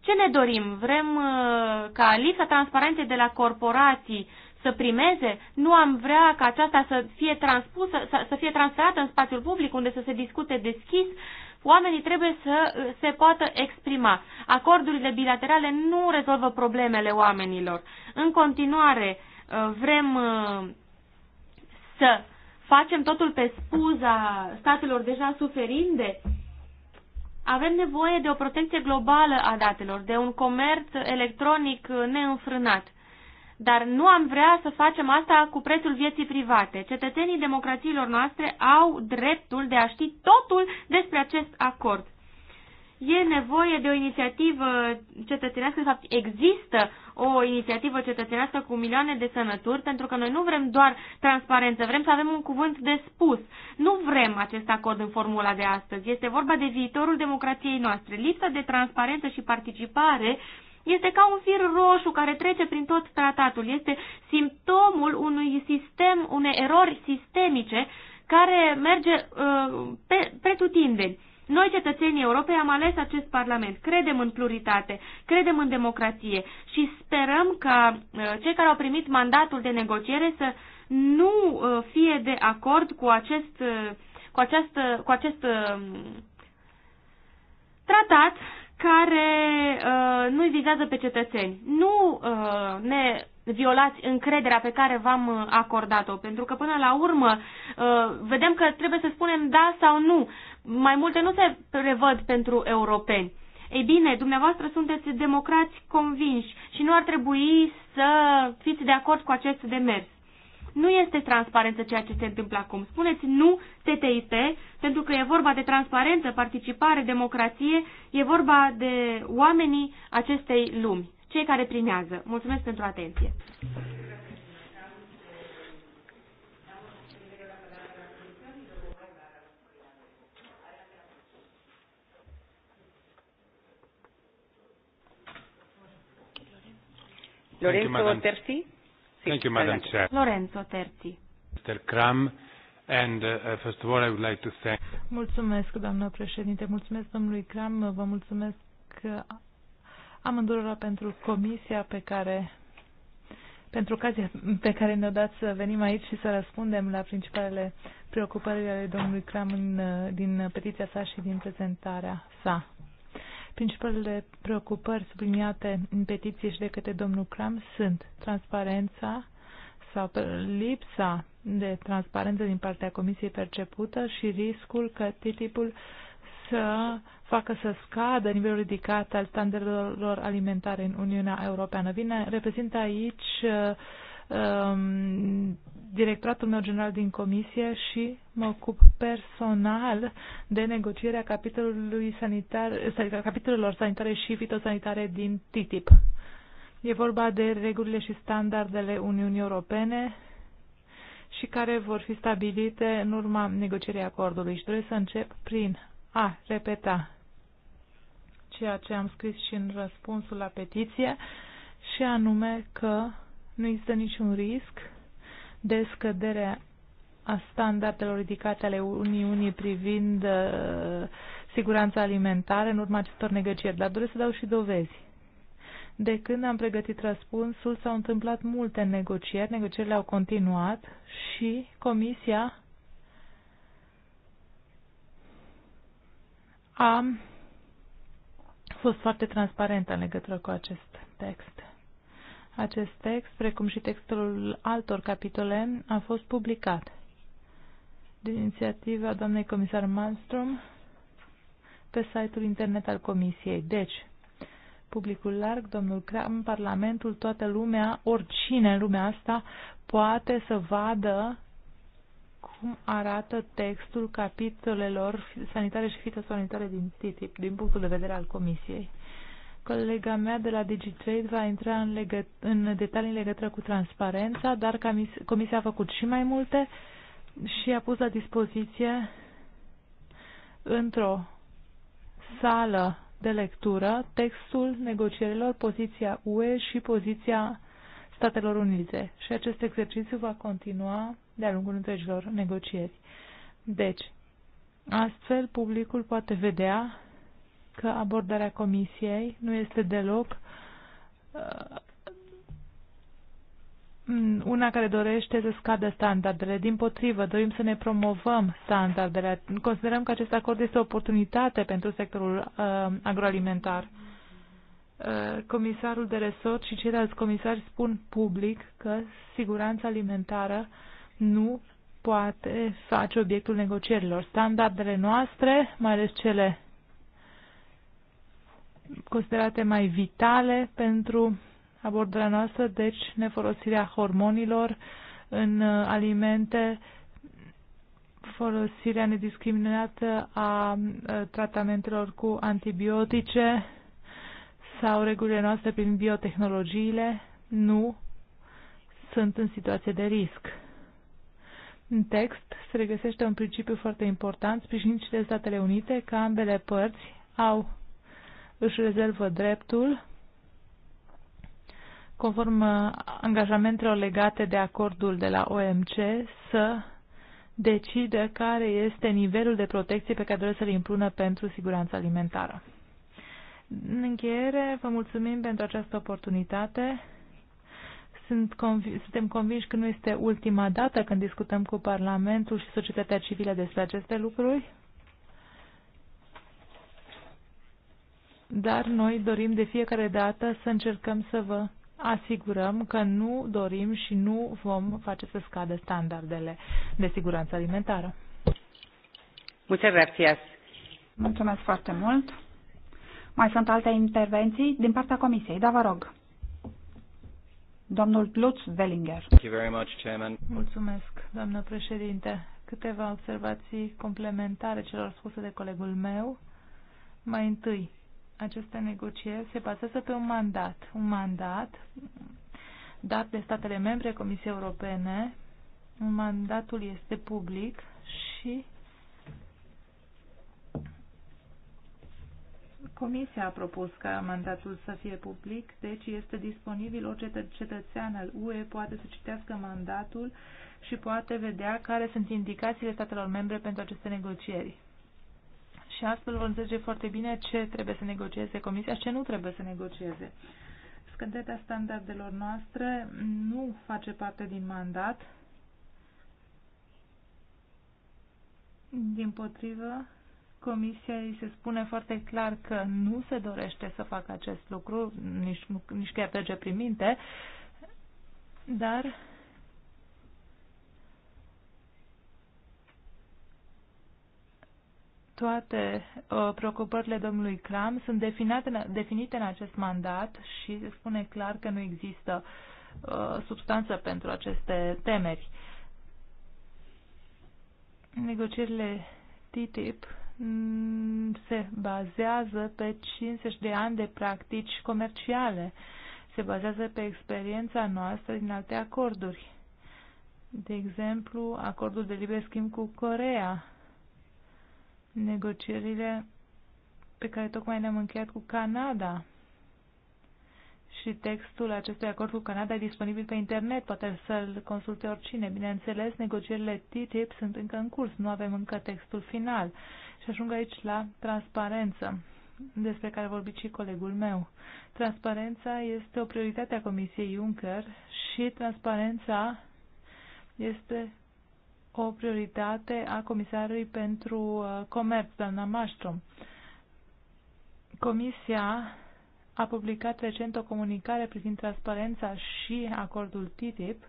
Ce ne dorim? Vrem uh, ca lipsa transparenței de la corporații să primeze? Nu am vrea ca aceasta să fie transpusă, să fie transferată în spațiul public unde să se discute deschis? Oamenii trebuie să uh, se poată exprima. Acordurile bilaterale nu rezolvă problemele oamenilor. În continuare, uh, vrem să facem totul pe spuza statelor deja suferinde? Avem nevoie de o protecție globală a datelor, de un comerț electronic neînfrânat. Dar nu am vrea să facem asta cu prețul vieții private. Cetățenii democrațiilor noastre au dreptul de a ști totul despre acest acord e nevoie de o inițiativă cetățenească, de fapt există o inițiativă cetățenească cu milioane de semnături, pentru că noi nu vrem doar transparență, vrem să avem un cuvânt de spus. Nu vrem acest acord în formula de astăzi. Este vorba de viitorul democrației noastre. Lipsa de transparență și participare este ca un fir roșu care trece prin tot tratatul. Este simptomul unui sistem, unei erori sistemice care merge uh, pe, pretutindeni. Noi, cetățenii Europei, am ales acest Parlament. Credem în pluritate, credem în democrație și sperăm ca uh, cei care au primit mandatul de negociere să nu uh, fie de acord cu acest, uh, cu acest, cu um, acest tratat care uh, nu-i vizează pe cetățeni. Nu uh, ne violați încrederea pe care v-am acordat-o, pentru că până la urmă uh, vedem că trebuie să spunem da sau nu mai multe nu se prevăd pentru europeni. Ei bine, dumneavoastră sunteți democrați convinși și nu ar trebui să fiți de acord cu acest demers. Nu este transparență ceea ce se întâmplă acum. Spuneți nu TTIP, pentru că e vorba de transparență, participare, democrație, e vorba de oamenii acestei lumi, cei care primează. Mulțumesc pentru atenție. Lorenzo Terzi? Thank you, Madam Chair. Lorenzo Terzi. Mr. Cram, and uh, uh, first of all I would like to thank... Mulțumesc, doamnă președinte, mulțumesc domnului Cram, vă mulțumesc amândurora pentru comisia pe care pentru ocazia pe care ne-o dat să venim aici și să răspundem la principalele preocupări ale domnului Cram din petiția sa și din prezentarea sa. Principalele preocupări subliniate în petiție și de către domnul Cram sunt transparența sau lipsa de transparență din partea Comisiei percepută și riscul că TTIP-ul să facă să scadă nivelul ridicat al standardelor alimentare în Uniunea Europeană. Vine, reprezintă aici uh, Um, directoratul meu general din comisie și mă ocup personal de negocierea capitolului sanitar, capitolelor sanitare și fitosanitare din TTIP. E vorba de regulile și standardele Uniunii Europene și care vor fi stabilite în urma negocierii acordului. Și trebuie să încep prin a repeta ceea ce am scris și în răspunsul la petiție, și anume că nu există niciun risc de scădere a standardelor ridicate ale Uniunii privind uh, siguranța alimentară în urma acestor negocieri, dar doresc să dau și dovezi. De când am pregătit răspunsul, s-au întâmplat multe negocieri, negocierile au continuat și Comisia a fost foarte transparentă în legătură cu acest text. Acest text, precum și textul altor capitole, a fost publicat din inițiativa doamnei comisar Malmström pe site-ul internet al Comisiei. Deci, publicul larg, domnul Cram, Parlamentul, toată lumea, oricine în lumea asta poate să vadă cum arată textul capitolelor sanitare și fitosanitare din TTIP, din punctul de vedere al Comisiei. Colega mea de la DigiTrade va intra în, legă, în detalii în legătură cu transparența, dar Comisia a făcut și mai multe și a pus la dispoziție într-o sală de lectură textul negocierilor, poziția UE și poziția Statelor Unite. Și acest exercițiu va continua de-a lungul întregilor negocieri. Deci, astfel publicul poate vedea că abordarea comisiei nu este deloc uh, una care dorește să scadă standardele. Din potrivă, dorim să ne promovăm standardele. Considerăm că acest acord este o oportunitate pentru sectorul uh, agroalimentar. Uh, comisarul de resort și ceilalți comisari spun public că siguranța alimentară nu poate face obiectul negocierilor. Standardele noastre, mai ales cele considerate mai vitale pentru abordarea noastră, deci nefolosirea hormonilor în uh, alimente, folosirea nediscriminată a uh, tratamentelor cu antibiotice sau regulile noastre prin biotehnologiile nu sunt în situație de risc. În text se regăsește un principiu foarte important, sprijinit de Statele Unite, că ambele părți au își rezervă dreptul conform uh, angajamentelor legate de acordul de la OMC, să decidă care este nivelul de protecție pe care doresc să-l impună pentru siguranța alimentară. În încheiere, vă mulțumim pentru această oportunitate. Sunt conv- suntem convinși că nu este ultima dată când discutăm cu Parlamentul și societatea civilă despre aceste lucruri. dar noi dorim de fiecare dată să încercăm să vă asigurăm că nu dorim și nu vom face să scadă standardele de siguranță alimentară. Mulțumesc. Mulțumesc foarte mult. Mai sunt alte intervenții din partea Comisiei, da, vă rog. Domnul Lutz Wellinger. Mulțumesc, doamnă președinte. Câteva observații complementare celor spuse de colegul meu. Mai întâi, aceste negocieri se bazează pe un mandat. Un mandat dat de statele membre Comisiei Europene. Mandatul este public și Comisia a propus ca mandatul să fie public, deci este disponibil, orice cetățean al UE poate să citească mandatul și poate vedea care sunt indicațiile statelor membre pentru aceste negocieri și astfel vor înțelege foarte bine ce trebuie să negocieze Comisia și ce nu trebuie să negocieze. Scânteta standardelor noastre nu face parte din mandat. Din potrivă, Comisia îi se spune foarte clar că nu se dorește să facă acest lucru, nici, nici chiar trece prin minte, dar toate uh, preocupările domnului Cram sunt definite, definite în acest mandat și se spune clar că nu există uh, substanță pentru aceste temeri. Negocierile TTIP mm, se bazează pe 50 de ani de practici comerciale, se bazează pe experiența noastră din alte acorduri. De exemplu, acordul de liber schimb cu Corea, negocierile pe care tocmai le-am încheiat cu Canada. Și textul acestui acord cu Canada e disponibil pe internet, poate să-l consulte oricine. Bineînțeles, negocierile TTIP sunt încă în curs, nu avem încă textul final. Și ajung aici la transparență, despre care a vorbit și colegul meu. Transparența este o prioritate a Comisiei Juncker și transparența este o prioritate a Comisarului pentru uh, Comerț, doamna Maștrom. Comisia a publicat recent o comunicare privind transparența și acordul TTIP,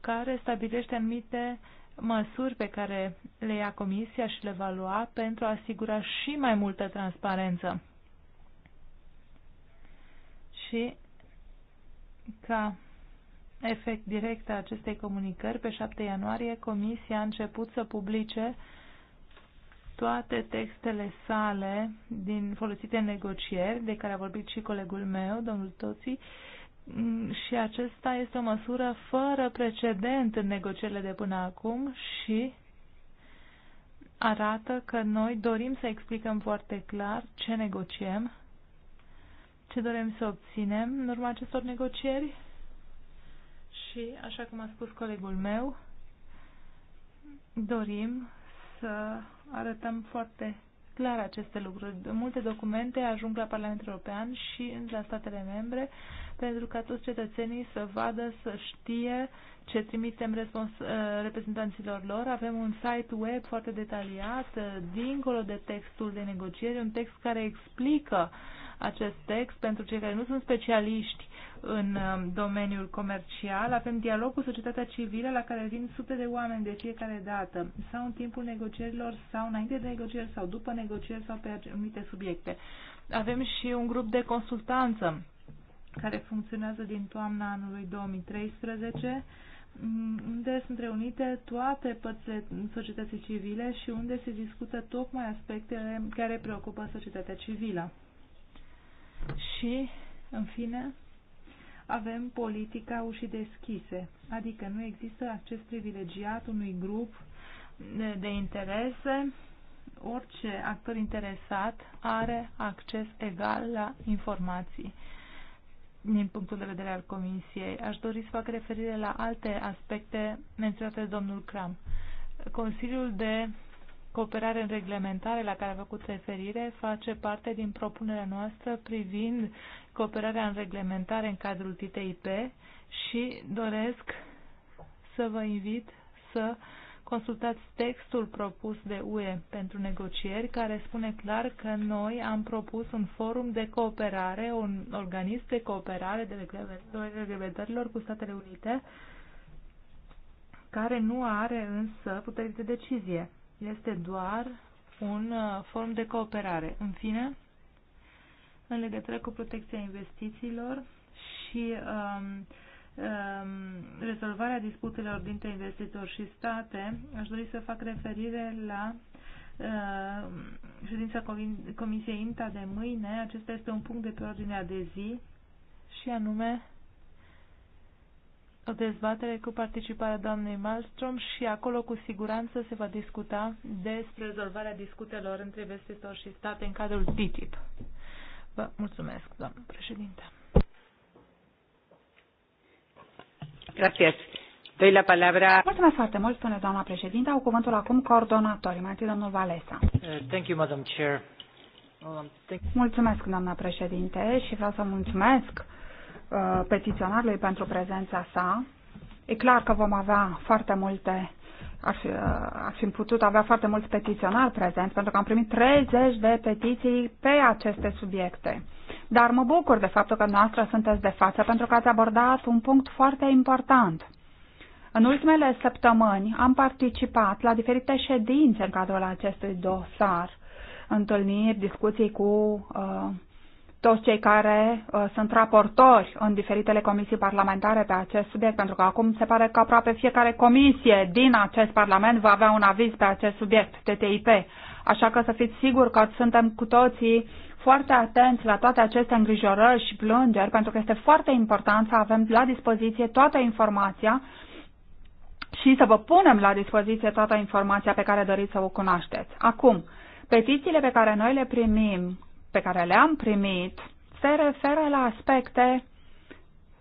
care stabilește anumite măsuri pe care le ia Comisia și le va lua pentru a asigura și mai multă transparență. Și ca efect direct a acestei comunicări, pe 7 ianuarie, Comisia a început să publice toate textele sale din, folosite în negocieri, de care a vorbit și colegul meu, domnul Toții, mm, și acesta este o măsură fără precedent în negocierile de până acum și arată că noi dorim să explicăm foarte clar ce negociem, ce dorem să obținem în urma acestor negocieri și, așa cum a spus colegul meu, dorim să arătăm foarte clar aceste lucruri. Multe documente ajung la Parlamentul European și la statele membre pentru ca toți cetățenii să vadă, să știe ce trimitem respons- ă, reprezentanților lor. Avem un site web foarte detaliat, ă, dincolo de textul de negociere, un text care explică acest text pentru cei care nu sunt specialiști în ă, domeniul comercial. Avem dialog cu societatea civilă la care vin sute de oameni de fiecare dată, sau în timpul negocierilor, sau înainte de negocieri, sau după negocieri, sau pe anumite subiecte. Avem și un grup de consultanță care funcționează din toamna anului 2013, mm, unde sunt reunite toate părțile societății civile și unde se discută tocmai aspectele care preocupă societatea civilă. Și, în fine, avem politica ușii deschise, adică nu există acces privilegiat unui grup de, de interese. Orice actor interesat are acces egal la informații din punctul de vedere al Comisiei. Aș dori să fac referire la alte aspecte menționate de domnul Cram. Consiliul de cooperare în reglementare la care a făcut referire face parte din propunerea noastră privind cooperarea în reglementare în cadrul TTIP și doresc să vă invit să uh, Consultați textul propus de UE pentru negocieri, care spune clar că noi am propus un forum de cooperare, un organism de cooperare de reglementărilor cu Statele Unite, care nu are însă puteri de decizie. Este doar un uh, forum de cooperare. În fine, în legătură cu protecția investițiilor și um, Um, rezolvarea disputelor dintre investitori și state, aș dori să fac referire la um, ședința Comisiei INTA de mâine. Acesta este un punct de pe ordinea de zi și anume o dezbatere cu participarea doamnei Malmström și acolo cu siguranță se va discuta despre rezolvarea discutelor între investitori și state în cadrul TTIP. Vă mulțumesc, doamnă președinte. Gracias. Doi la palabra. Mulțumesc foarte mult, spune doamna președinte. Au cuvântul acum coordonatorii. Mai întâi domnul Valesa. Uh, thank you, Madam Chair. Um, mulțumesc, doamna președinte, și vreau să mulțumesc uh, petiționarului pentru prezența sa E clar că vom avea foarte multe ar fi, ar fi putut avea foarte mulți petiționari prezenți, pentru că am primit 30 de petiții pe aceste subiecte. Dar mă bucur de faptul că noastră sunteți de față, pentru că ați abordat un punct foarte important. În ultimele săptămâni am participat la diferite ședințe în cadrul acestui dosar, întâlniri, discuții cu uh, toți cei care uh, sunt raportori în diferitele comisii parlamentare pe acest subiect, pentru că acum se pare că aproape fiecare comisie din acest parlament va avea un aviz pe acest subiect, TTIP. Așa că să fiți siguri că suntem cu toții foarte atenți la toate aceste îngrijorări și plângeri, pentru că este foarte important să avem la dispoziție toată informația și să vă punem la dispoziție toată informația pe care doriți să o cunoașteți. Acum, petițiile pe care noi le primim pe care le-am primit se referă la aspecte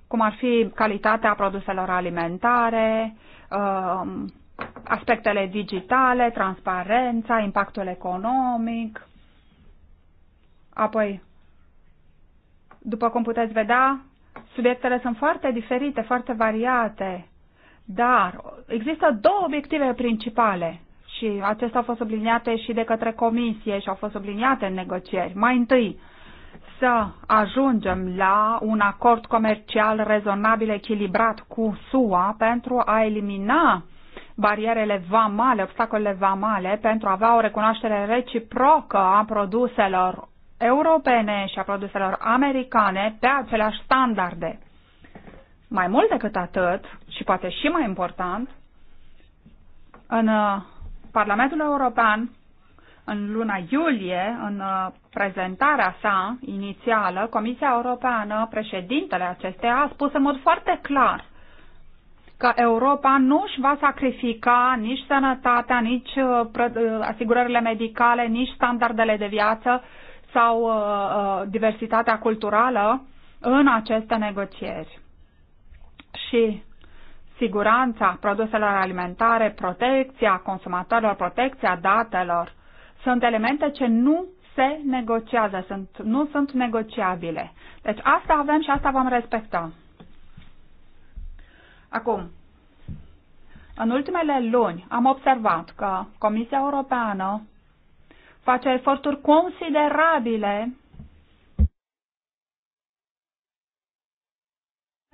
cum ar fi calitatea produselor alimentare, um, aspectele digitale, transparența, impactul economic. Apoi, după cum puteți vedea, subiectele sunt foarte diferite, foarte variate, dar există două obiective principale și acestea au fost subliniate și de către comisie și au fost subliniate în negocieri. Mai întâi, să ajungem la un acord comercial rezonabil echilibrat cu SUA pentru a elimina barierele vamale, obstacolele vamale, pentru a avea o recunoaștere reciprocă a produselor europene și a produselor americane pe aceleași standarde. Mai mult decât atât, și poate și mai important, în Parlamentul European în luna iulie, în uh, prezentarea sa inițială, Comisia Europeană, președintele acesteia, a spus în mod foarte clar că Europa nu își va sacrifica nici sănătatea, nici uh, uh, asigurările medicale, nici standardele de viață sau diversitatea culturală în aceste negocieri. Și siguranța produselor alimentare, protecția consumatorilor, protecția datelor, sunt elemente ce nu se negociază, sunt, nu sunt negociabile. Deci asta avem și asta vom respecta. Acum, în ultimele luni am observat că Comisia Europeană face eforturi considerabile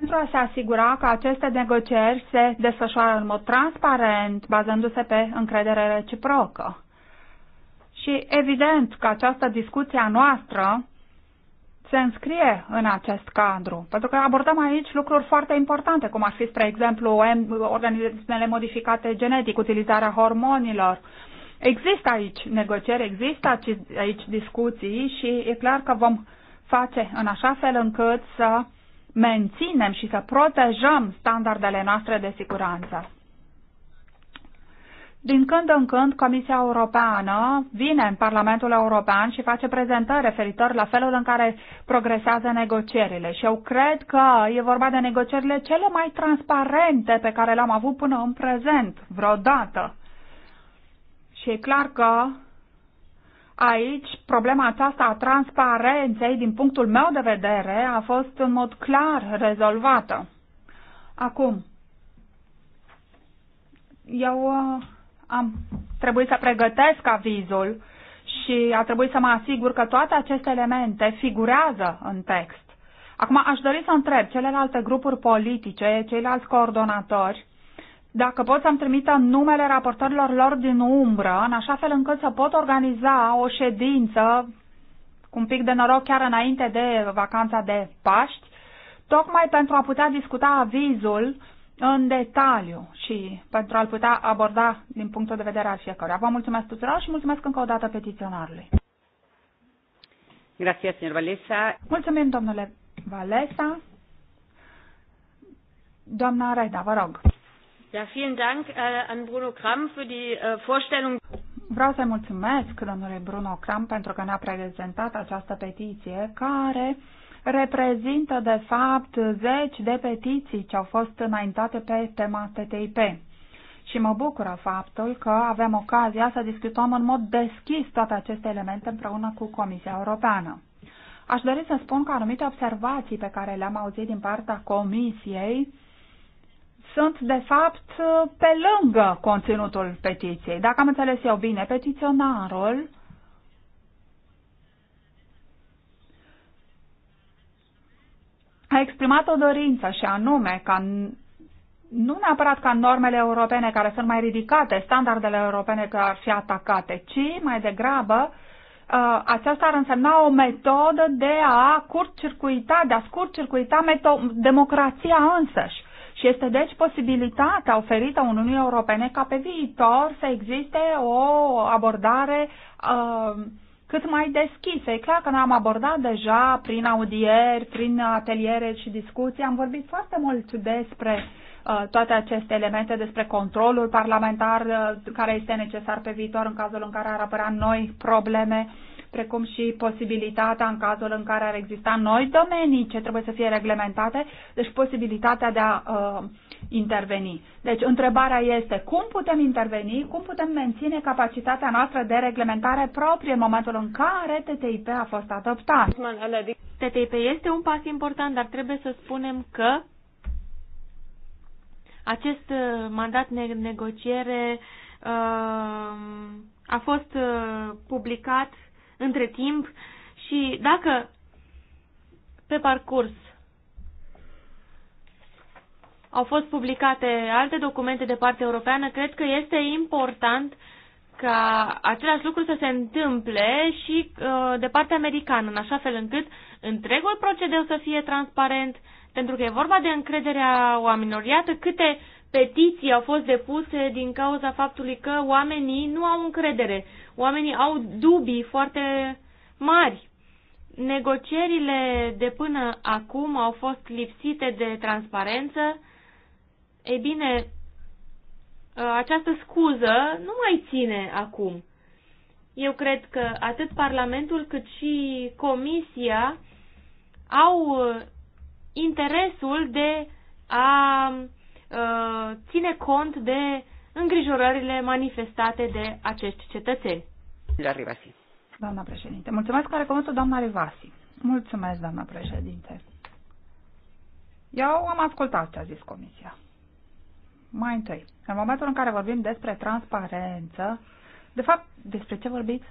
pentru a se asigura că aceste negocieri se desfășoară în mod transparent, bazându-se pe încredere reciprocă. Și evident că această discuție a noastră se înscrie în acest cadru, pentru că abordăm aici lucruri foarte importante, cum ar fi, spre exemplu, organismele modificate genetic, utilizarea hormonilor. Există aici negocieri, există aici discuții și e clar că vom face în așa fel încât să menținem și să protejăm standardele noastre de siguranță. Din când în când, Comisia Europeană vine în Parlamentul European și face prezentări referitor la felul în care progresează negocierile. Și eu cred că e vorba de negocierile cele mai transparente pe care le-am avut până în prezent, vreodată. Și e clar că Aici, problema aceasta a transparenței, din punctul meu de vedere, a fost în mod clar rezolvată. Acum, eu uh, am trebuit să pregătesc avizul și a trebuit să mă asigur că toate aceste elemente figurează în text. Acum aș dori să întreb celelalte grupuri politice, ceilalți coordonatori, dacă pot să-mi trimită numele raportorilor lor din umbră, în așa fel încât să pot organiza o ședință, cu un pic de noroc chiar înainte de vacanța de Paști, tocmai pentru a putea discuta avizul în detaliu și pentru a-l putea aborda din punctul de vedere al fiecăruia. Vă mulțumesc tuturor și mulțumesc încă o dată petiționarului. Gracias, señor Valesa. Mulțumim, domnule Valesa. Doamna Raida, vă rog. Ja, vielen Dank uh, an Bruno Kram für die uh, Vorstellung. Vreau să mulțumesc domnului Bruno Kram pentru că ne-a prezentat această petiție care reprezintă de fapt zeci de petiții ce au fost înaintate pe tema TTIP. Și mă bucură faptul că avem ocazia să discutăm în mod deschis toate aceste elemente împreună cu Comisia Europeană. Aș dori să spun că anumite observații pe care le-am auzit din partea Comisiei sunt, de fapt, pe lângă conținutul petiției. Dacă am înțeles eu bine, petiționarul a exprimat o dorință și anume ca nu neapărat ca normele europene care sunt mai ridicate, standardele europene care ar fi atacate, ci mai degrabă uh, aceasta ar însemna o metodă de a circuita, de a circuita democrația însăși. Și este deci posibilitatea oferită Uniunii Europene ca pe viitor să existe o abordare uh, cât mai deschisă. E clar că noi am abordat deja prin audieri, prin ateliere și discuții, am vorbit foarte mult despre uh, toate aceste elemente despre controlul parlamentar uh, care este necesar pe viitor în cazul în care ar apărea noi probleme uh, precum și posibilitatea în cazul în care ar exista noi domenii ce trebuie să fie reglementate, deci posibilitatea de a uh, interveni. Deci întrebarea este cum putem interveni, cum putem menține capacitatea noastră de reglementare proprie în momentul în care TTIP a fost adoptat. TTIP este un pas important, dar trebuie să spunem că acest uh, mandat de negociere uh, a fost uh, publicat între timp și dacă pe parcurs au fost publicate alte documente de parte europeană, cred că este important ca același lucru să se întâmple și uh, de partea americană, în așa fel încât întregul procedeu să fie transparent, pentru că e vorba de încrederea oamenilor. Iată câte uh, petiții au fost depuse din cauza faptului că oamenii nu au încredere, oamenii au dubii foarte mari. Negocierile de până acum au fost lipsite de transparență. Ei bine, această scuză nu mai ține acum. Eu cred că atât Parlamentul cât și Comisia au interesul de a Uh, ține cont de îngrijorările manifestate de acești cetățeni. La Rivasi. Doamna președinte, mulțumesc care cuvântul doamna Rivasi. Mulțumesc, doamna președinte. Eu am ascultat ce a zis comisia. Mai întâi, în momentul în care vorbim despre transparență, de fapt, despre ce vorbiți?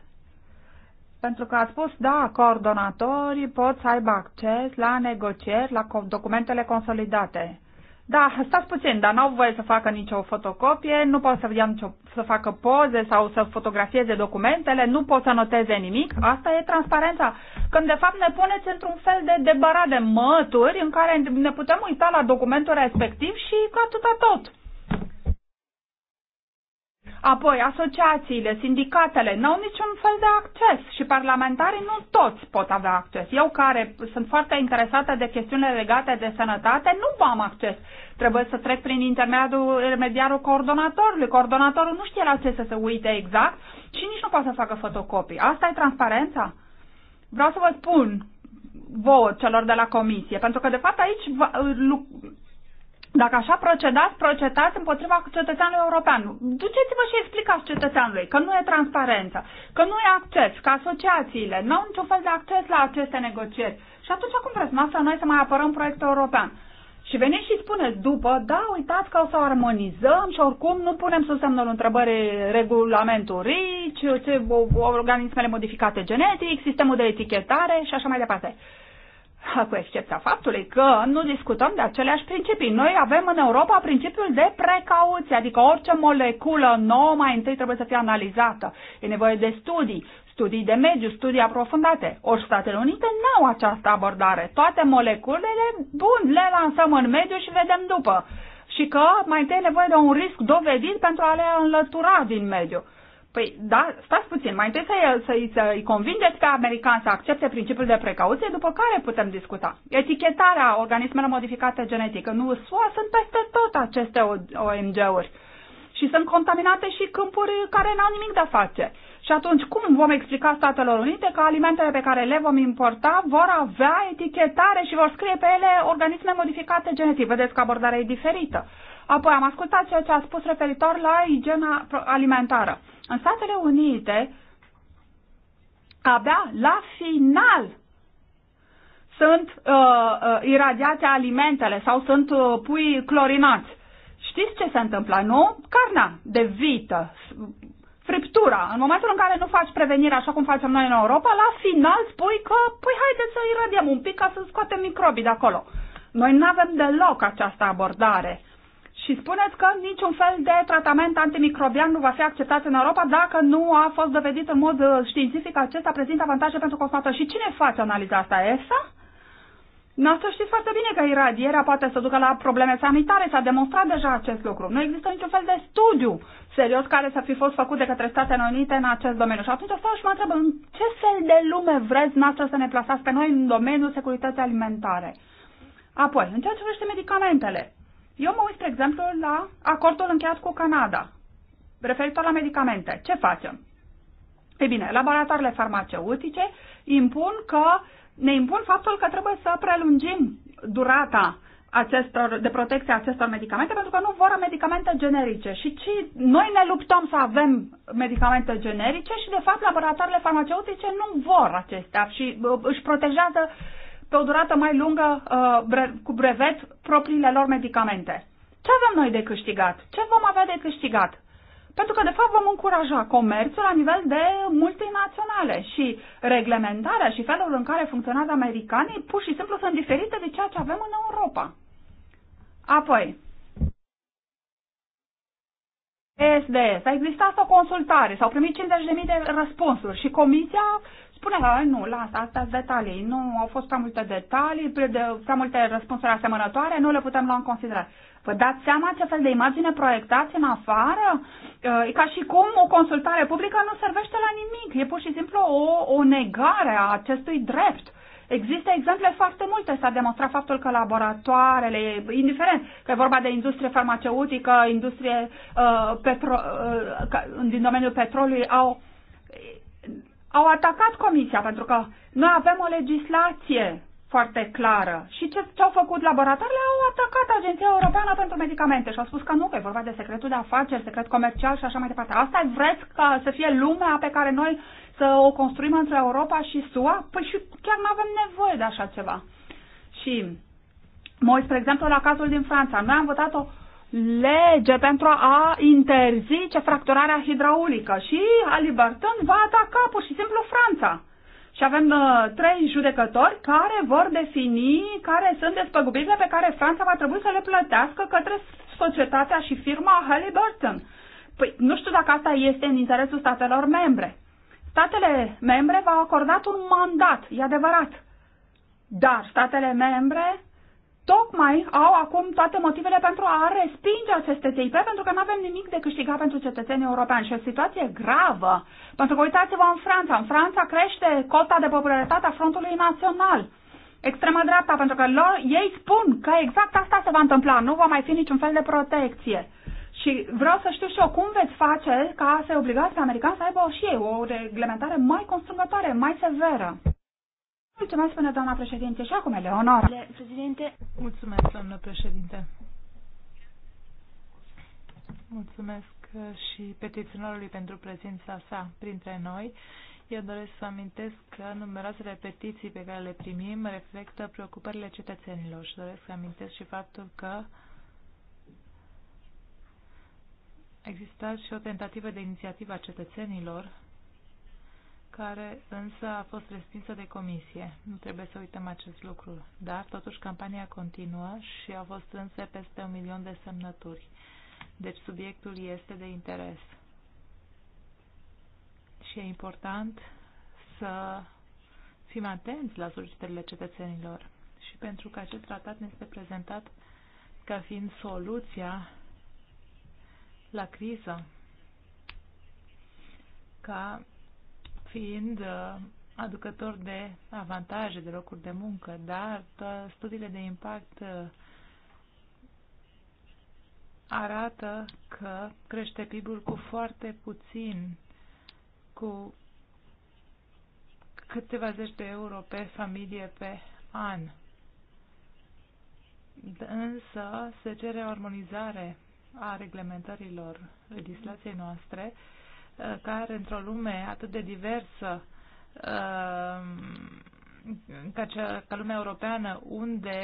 Pentru că a spus, da, coordonatorii pot să aibă acces la negocieri, la documentele consolidate. Da, stați puțin, dar n-au voie să facă nicio fotocopie, nu pot să, ia nicio, să facă poze sau să fotografieze documentele, nu pot să noteze nimic. Asta e transparența. Când de fapt ne puneți într-un fel de debarat de mături în care ne putem uita la documentul respectiv și ca atâta tot. Apoi, asociațiile, sindicatele n-au niciun fel de acces și parlamentarii nu toți pot avea acces. Eu, care sunt foarte interesată de chestiunile legate de sănătate, nu am acces. Trebuie să trec prin intermediarul, coordonatorului. Coordonatorul nu știe la ce să se uite exact și nici nu poate să facă fotocopii. Asta e transparența? Vreau să vă spun vouă celor de la comisie, pentru că de fapt aici dacă așa procedați, procedați împotriva cetățeanului european. Duceți-vă și explicați cetățeanului că nu e transparență, că nu e acces, că asociațiile nu au niciun fel de acces la aceste negocieri. Și atunci cum vreți noastră noi să mai apărăm proiectul european? Și veniți și spuneți după, da, uitați că o să armonizăm și oricum nu punem sub semnul întrebării regulamentul RIC, organismele modificate genetic, sistemul de etichetare și așa mai departe cu excepția faptului că nu discutăm de aceleași principii. Noi avem în Europa principiul de precauție, adică orice moleculă nouă mai întâi trebuie să fie analizată. E nevoie de studii, studii de mediu, studii aprofundate. Ori Statele Unite nu au această abordare. Toate moleculele, bun, le lansăm în mediu și vedem după. Și că mai întâi e nevoie de un risc dovedit pentru a le înlătura din mediu. Păi, da, stați puțin, mai întâi să-i, să-i, să-i convingeți pe americani să accepte principiul de precauție, după care putem discuta. Etichetarea organismelor modificate genetic în SUA sunt peste tot aceste OMG-uri și sunt contaminate și câmpuri care n-au nimic de a face. Și atunci, cum vom explica Statelor Unite că alimentele pe care le vom importa vor avea etichetare și vor scrie pe ele organisme modificate genetic? Vedeți că abordarea e diferită. Apoi am ascultat ceea ce a spus referitor la igiena alimentară. În Statele Unite, abia la final sunt uh, uh, iradiate alimentele sau sunt uh, pui clorinați. Știți ce se întâmplă, nu? Carnea de vită, friptura, în momentul în care nu faci prevenire așa cum facem noi în Europa, la final spui că, păi haideți să iradiem un pic ca să scoatem microbii de acolo. Noi nu avem deloc această abordare și spuneți că niciun fel de tratament antimicrobian nu va fi acceptat în Europa dacă nu a fost dovedit în mod uh, științific că acesta prezintă avantaje pentru consumator. Și cine face analiza asta? ESA? Noastră știți foarte bine că iradierea poate să ducă la probleme sanitare, s-a demonstrat deja acest lucru. Nu există niciun fel de studiu serios care să fi fost făcut de către Statele Unite în acest domeniu. Și atunci stau și mă întreb, în ce fel de lume vreți noastră să ne plasați pe noi în domeniul securității alimentare? Apoi, în ceea ce privește medicamentele, eu mă uit, spre exemplu, la acordul încheiat cu Canada, referitor la medicamente. Ce facem? Ei bine, laboratoarele farmaceutice impun că, ne impun faptul că trebuie să prelungim durata acestor, de protecție a acestor medicamente pentru că nu vor medicamente generice. Și ci, noi ne luptăm să avem medicamente generice și, de fapt, laboratoarele farmaceutice nu vor acestea și uh, își protejează uh, pe o durată mai lungă uh, cu brevet propriile lor medicamente. Ce avem noi de câștigat? Ce vom avea de câștigat? Pentru că, de fapt, vom încuraja comerțul la nivel de multinaționale și reglementarea și felul în care funcționează americanii pur și simplu sunt diferite de ceea ce avem în Europa. Apoi, SDS. A existat o consultare, s-au primit 50.000 de răspunsuri și comisia Spune că nu, lasă, astea detalii. Nu au fost prea multe detalii, prea multe răspunsuri asemănătoare, nu le putem lua în considerare. Vă dați seama ce fel de imagine proiectați în afară? E ca și cum o consultare publică nu servește la nimic. E pur și simplu o, o negare a acestui drept. Există exemple foarte multe. S-a demonstrat faptul că laboratoarele, indiferent că e vorba de industrie farmaceutică, industrie uh, petro, uh, din domeniul petrolului, au au atacat Comisia, pentru că noi avem o legislație foarte clară. Și ce, ce au făcut laboratoarele? Au atacat Agenția Europeană pentru Medicamente și au spus că nu, că e vorba de secretul de afaceri, secret comercial și așa mai departe. Asta vreți ca să fie lumea pe care noi să o construim între Europa și SUA? Păi și chiar nu avem nevoie de așa ceva. Și mă uit, spre exemplu, la cazul din Franța. Noi am votat o, lege pentru a interzice fracturarea hidraulică și Halliburton va ataca da pur și simplu Franța. Și avem uh, trei judecători care vor defini care sunt despăgubirile pe care Franța va trebui să le plătească către societatea și firma Halliburton. Păi nu știu dacă asta este în interesul statelor membre. Statele membre v-au acordat un mandat, e adevărat. Dar statele membre tocmai au acum toate motivele pentru a respinge aceste TIP, pentru că nu avem nimic de câștigat pentru cetățenii europeni și o situație gravă. Pentru că uitați-vă în Franța. În Franța crește cota de popularitate a Frontului Național. Extrema dreapta, pentru că lor, ei spun că exact asta se va întâmpla, nu va mai fi niciun fel de protecție. Și vreau să știu și eu cum veți face ca să obligați pe americani să aibă și ei o reglementare mai constrângătoare, mai severă. Mulțumesc, până doamna președinte. Și acum, Eleonora. Președinte. Mulțumesc, doamna președinte. Mulțumesc și petiționarului pentru prezența sa printre noi. Eu doresc să amintesc că numeroasele petiții pe care le primim reflectă preocupările cetățenilor și doresc să amintesc și faptul că a existat și o tentativă de inițiativă a cetățenilor care însă a fost respinsă de comisie. Nu trebuie să uităm acest lucru. Dar, totuși, campania continuă și au fost strânse peste un milion de semnături. Deci, subiectul este de interes. Și e important să fim atenți la solicitările cetățenilor. Și pentru că acest tratat ne este prezentat ca fiind soluția la criză, ca fiind uh, aducător de avantaje, de locuri de muncă, dar studiile de impact uh, arată că crește PIB-ul cu foarte puțin, cu câteva zeci de euro pe familie pe an. Însă se cere o armonizare a reglementărilor legislației noastre Uh, care într-o lume atât de diversă uh, ca, cea, ca lumea europeană, unde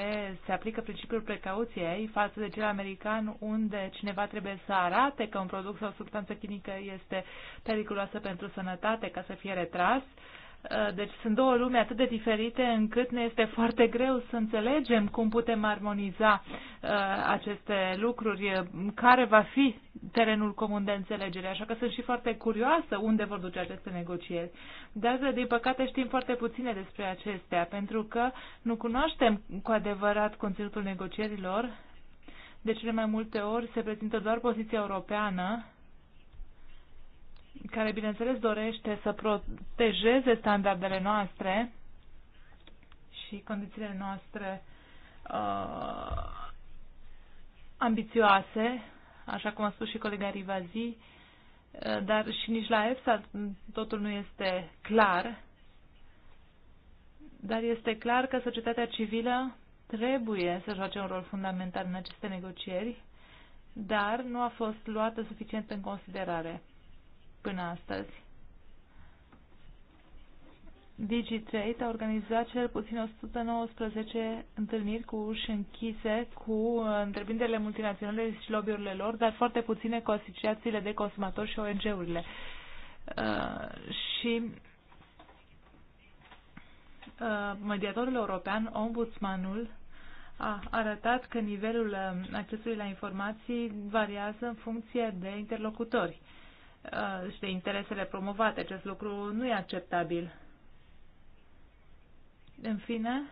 se aplică principiul precauției față de cel american, unde cineva trebuie să arate că un produs sau o substanță chimică este periculoasă pentru sănătate ca să fie retras, uh, Uh, deci sunt două lumi atât de diferite încât ne este foarte greu să înțelegem cum putem armoniza uh, aceste lucruri, care va fi terenul comun de înțelegere. Așa că sunt și foarte curioasă unde vor duce aceste negocieri. Dar, din păcate, știm foarte puține despre acestea, pentru că nu cunoaștem cu adevărat conținutul negocierilor. De cele mai multe ori se prezintă doar poziția europeană care, bineînțeles, dorește să protejeze standardele noastre și condițiile noastre uh, ambițioase, așa cum a spus și colega Rivazi, uh, dar și nici la EFSA totul nu este clar, dar este clar că societatea civilă trebuie să joace un rol fundamental în aceste negocieri, dar nu a fost luată suficient în considerare până astăzi. DigiTrade a organizat cel puțin 119 întâlniri cu uși închise cu uh, întreprinderile multinaționale și lobby-urile lor, dar foarte puține cu asociațiile de consumatori și ONG-urile. Uh, și uh, mediatorul european, ombudsmanul, a arătat că nivelul uh, accesului la informații variază în funcție de interlocutori. Uh, Uh, și de interesele promovate. Acest lucru nu e acceptabil. În fine,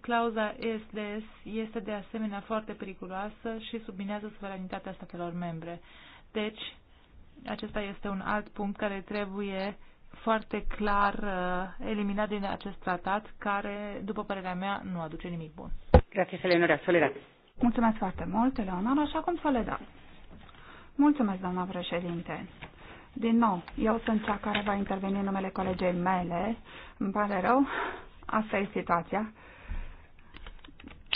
clauza ESDS este de asemenea foarte periculoasă și subminează suveranitatea statelor membre. Deci, acesta este un alt punct care trebuie foarte clar uh, eliminat din acest tratat, care, după părerea mea, nu aduce nimic bun. Grazie, Eleonora. Soledad. Mulțumesc foarte mult, Eleonora, așa cum Soledad. Mulțumesc, doamna președinte. Din nou, eu sunt cea care va interveni în numele colegei mele. Îmi pare rău, asta e situația.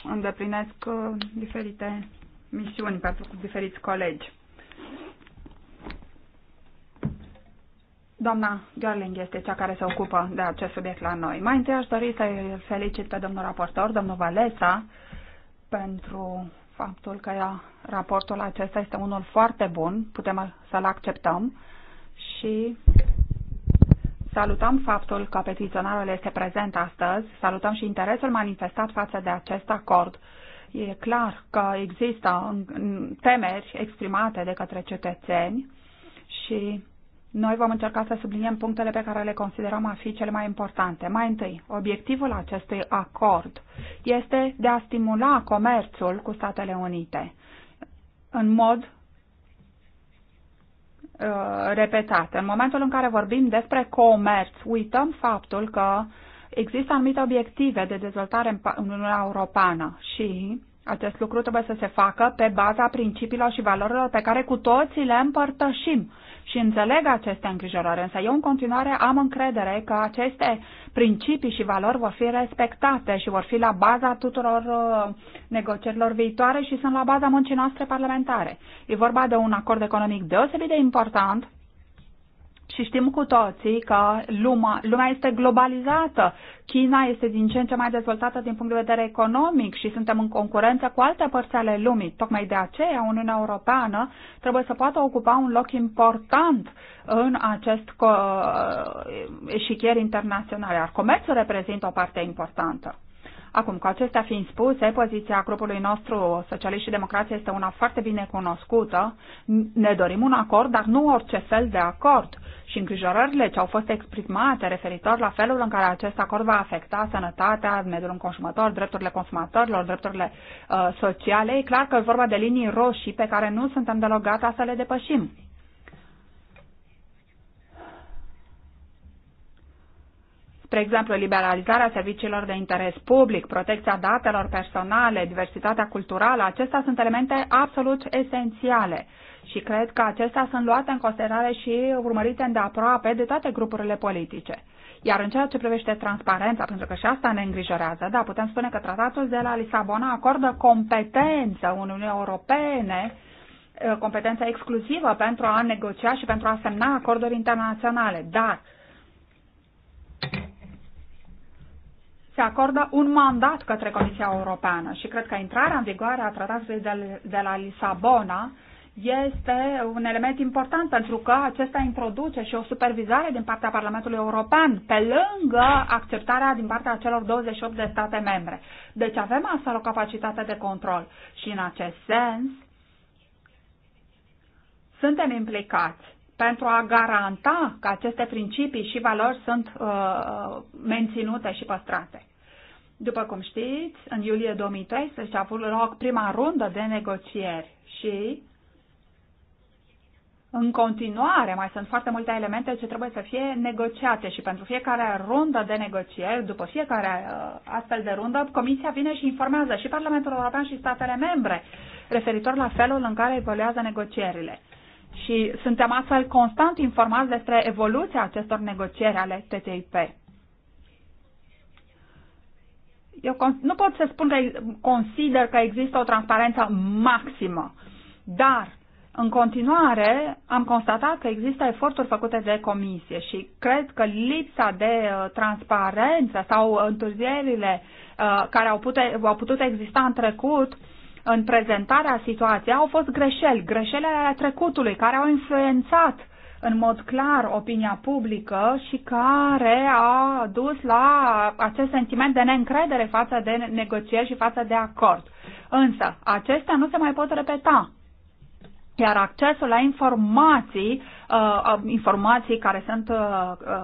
Îndeplinesc uh, diferite misiuni pentru diferiți colegi. Doamna Görling este cea care se ocupă de acest subiect la noi. Mai întâi aș dori să-i felicit pe domnul raportor, domnul Valesa, pentru faptul că raportul acesta este unul foarte bun, putem să-l acceptăm și salutăm faptul că petiționarul este prezent astăzi, salutăm și interesul manifestat față de acest acord. E clar că există temeri exprimate de către cetățeni și noi vom încerca să subliniem punctele pe care le considerăm a fi cele mai importante. Mai întâi, obiectivul acestui acord este de a stimula comerțul cu Statele Unite în mod uh, repetat. În momentul în care vorbim despre comerț, uităm faptul că există anumite obiective de dezvoltare în Uniunea Europeană și acest lucru trebuie să se facă pe baza principiilor și valorilor pe care cu toții le împărtășim și înțeleg aceste îngrijorări, însă eu în continuare am încredere că aceste principii și valori vor fi respectate și vor fi la baza tuturor uh, negocierilor viitoare și sunt la baza muncii noastre parlamentare. E vorba de un acord economic deosebit de important și știm cu toții că lumea, lumea este globalizată. China este din ce în ce mai dezvoltată din punct de vedere economic și suntem în concurență cu alte părți ale lumii. Tocmai de aceea Uniunea Europeană trebuie să poată ocupa un loc important în acest eșichier internațional, iar comerțul reprezintă o parte importantă. Acum, cu acestea fiind spuse, poziția grupului nostru socialist și democrație este una foarte bine cunoscută. Ne dorim un acord, dar nu orice fel de acord. Și îngrijorările ce au fost exprimate referitor la felul în care acest acord va afecta sănătatea, mediul consumator, drepturile consumatorilor, drepturile uh, sociale, e clar că e vorba de linii roșii pe care nu suntem deloc gata să le depășim. spre exemplu, liberalizarea serviciilor de interes public, protecția datelor personale, diversitatea culturală, acestea sunt elemente absolut esențiale și cred că acestea sunt luate în considerare și urmărite îndeaproape de toate grupurile politice. Iar în ceea ce privește transparența, pentru că și asta ne îngrijorează, da, putem spune că tratatul de la Lisabona acordă competență Uniunii Europene competența exclusivă pentru a negocia și pentru a semna acorduri internaționale. Dar se acordă un mandat către Comisia Europeană și cred că intrarea în vigoare a tratatului de la Lisabona este un element important pentru că acesta introduce și o supervizare din partea Parlamentului European pe lângă acceptarea din partea celor 28 de state membre. Deci avem astfel o capacitate de control și în acest sens suntem implicați pentru a garanta că aceste principii și valori sunt uh, uh menținute și păstrate. După cum știți, în iulie 2013 a avut loc prima rundă de negocieri și în continuare mai sunt foarte multe elemente ce trebuie să fie negociate și pentru fiecare rundă de negocieri, după fiecare uh, astfel de rundă, Comisia vine și informează și Parlamentul European și statele membre referitor la felul în care evoluează negocierile și suntem astfel constant informați despre evoluția acestor negocieri ale TTIP. Eu nu pot să spun că consider că există o transparență maximă, dar în continuare am constatat că există eforturi făcute de comisie și cred că lipsa de uh, transparență sau întârzierile uh, care au putut, au putut exista în trecut în prezentarea situației au fost greșeli, greșelile ale trecutului care au influențat în mod clar opinia publică și care a dus la acest sentiment de neîncredere față de negocieri și față de acord. Însă, acestea nu se mai pot repeta. Iar accesul la informații, uh, uh, informații care sunt uh,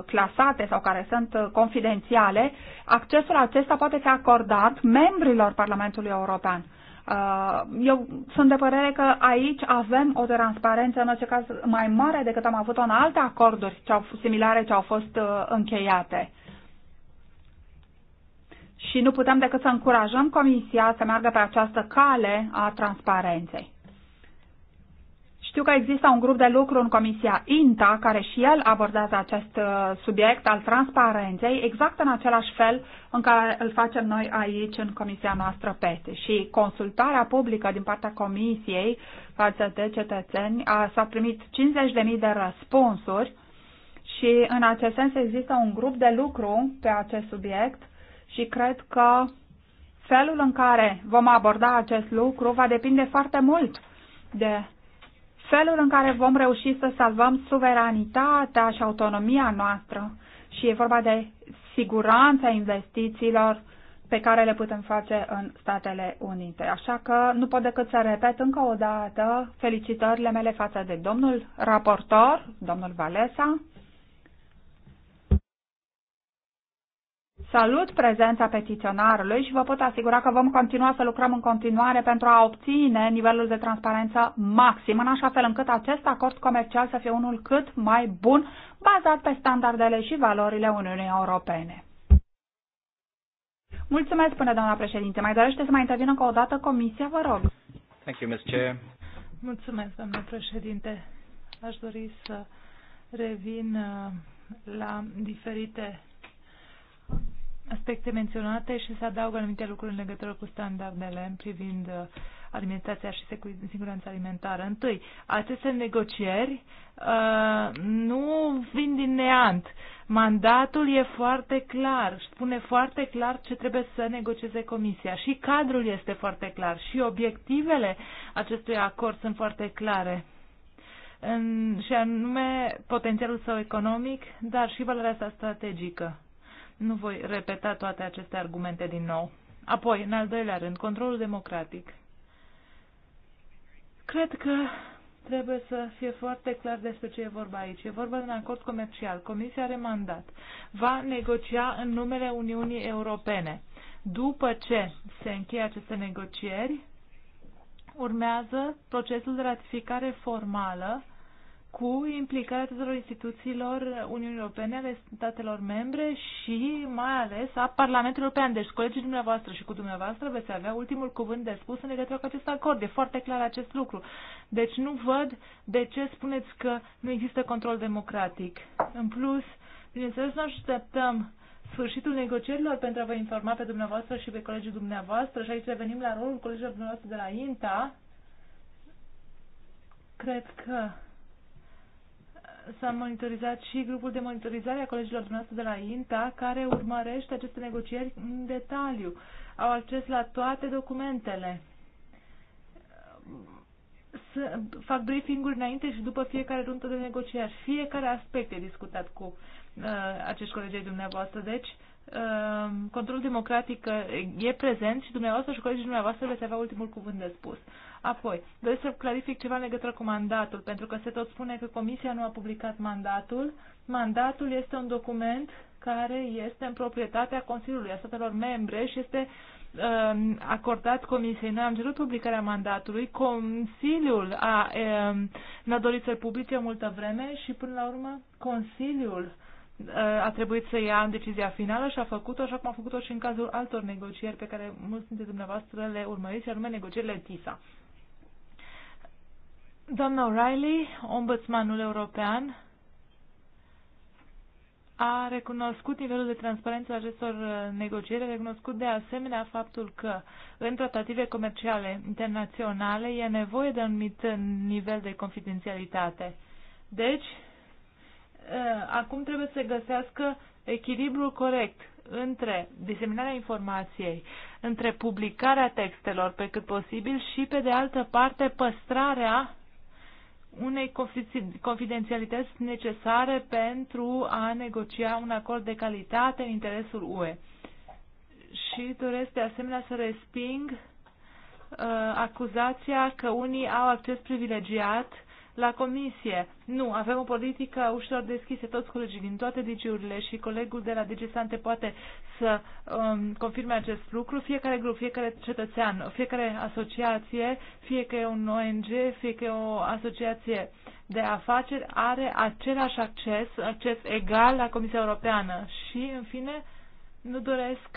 clasate sau care sunt confidențiale, accesul acesta poate fi acordat membrilor Parlamentului European. Uh, eu sunt de părere că aici avem o transparență, în orice caz, mai mare decât am avut-o în alte acorduri ce au, similare ce au fost uh, încheiate. Și nu putem decât să încurajăm Comisia să meargă pe această cale a transparenței. Știu că există un grup de lucru în Comisia INTA care și el abordează acest uh, subiect al transparenței exact în același fel în care îl facem noi aici în Comisia noastră PETE. Și consultarea publică din partea Comisiei față de cetățeni s-a primit 50.000 de răspunsuri și în acest sens există un grup de lucru pe acest subiect și cred că felul în care vom aborda acest lucru va depinde foarte mult de felul în care vom reuși să salvăm suveranitatea și autonomia noastră. Și e vorba de siguranța investițiilor pe care le putem face în Statele Unite. Așa că nu pot decât să repet încă o dată felicitările mele față de domnul raportor, domnul Valesa, Salut prezența petiționarului și vă pot asigura că vom continua să lucrăm în continuare pentru a obține nivelul de transparență maxim, în așa fel încât acest acord comercial să fie unul cât mai bun, bazat pe standardele și valorile Uniunii Europene. Mulțumesc, spune doamna președinte. Mai dorește să mai intervină încă o dată comisia, vă rog. Thank you, Ms. Chair. Mulțumesc, doamna președinte. Aș dori să revin uh, la diferite aspecte menționate și să adaugă anumite lucruri în legătură cu standardele în privind uh, alimentația și siguranța alimentară. Întâi, aceste negocieri uh, nu vin din neant. Mandatul e foarte clar, spune foarte clar ce trebuie să negocieze Comisia și cadrul este foarte clar și obiectivele acestui acord sunt foarte clare în, și anume potențialul său economic, dar și valoarea sa strategică. Nu voi repeta toate aceste argumente din nou. Apoi, în al doilea rând, controlul democratic. Cred că trebuie să fie foarte clar despre ce e vorba aici. E vorba de un acord comercial. Comisia are mandat. Va negocia în numele Uniunii Europene. După ce se încheie aceste negocieri, urmează procesul de ratificare formală cu implicarea tuturor instituțiilor Uniunii Europene, ale statelor membre și mai ales a Parlamentului European. Deci colegii dumneavoastră și cu dumneavoastră veți avea ultimul cuvânt de spus în legătură cu acest acord. E foarte clar acest lucru. Deci nu văd de ce spuneți că nu există control democratic. În plus, bineînțeles, nu așteptăm sfârșitul negocierilor pentru a vă informa pe dumneavoastră și pe colegii dumneavoastră și aici revenim la rolul colegilor dumneavoastră de la INTA. Cred că s-a monitorizat și grupul de monitorizare a colegilor dumneavoastră de la INTA, care urmărește aceste negocieri în detaliu. Au acces la toate documentele. S- fac briefing-uri înainte și după fiecare rundă de negocieri. Fiecare aspect e discutat cu uh, acești colegii dumneavoastră. Deci, uh, controlul democratic uh, e prezent și dumneavoastră și colegii dumneavoastră veți avea ultimul cuvânt de spus. Uh, Apoi, doresc să clarific ceva în legătură cu mandatul, pentru că se tot spune că Comisia nu a publicat mandatul. Mandatul este un document care este în proprietatea Consiliului, a statelor membre și este uh, acordat Comisiei. Noi am cerut publicarea mandatului, Consiliul a, uh, um, a dorit să-l publice multă vreme și până la urmă Consiliul uh, a trebuit să ia în decizia finală și a făcut-o așa cum a făcut-o și în cazul altor negocieri pe care mulți dintre dumneavoastră le urmăriți, anume negocierile TISA. Doamna O'Reilly, ombudsmanul european, a recunoscut nivelul de transparență acestor uh, negocieri, a recunoscut de asemenea faptul că în tratative comerciale internaționale e nevoie de un anumit uh, nivel de confidențialitate. Deci, uh, acum trebuie să găsească echilibrul corect între diseminarea informației, între publicarea textelor pe cât posibil și, pe de altă parte, păstrarea unei confidențialități necesare pentru a negocia un acord de calitate în interesul UE. Și doresc de asemenea să resping uh, acuzația că unii au acces privilegiat la comisie. Nu, avem o politică ușor deschisă, toți colegii din toate digiurile și colegul de la DG Sante poate să um, confirme acest lucru. Fiecare grup, fiecare cetățean, fiecare asociație, fie că e un ONG, fie că e o asociație de afaceri, are același acces, acces egal la Comisia Europeană. Și, în fine, nu doresc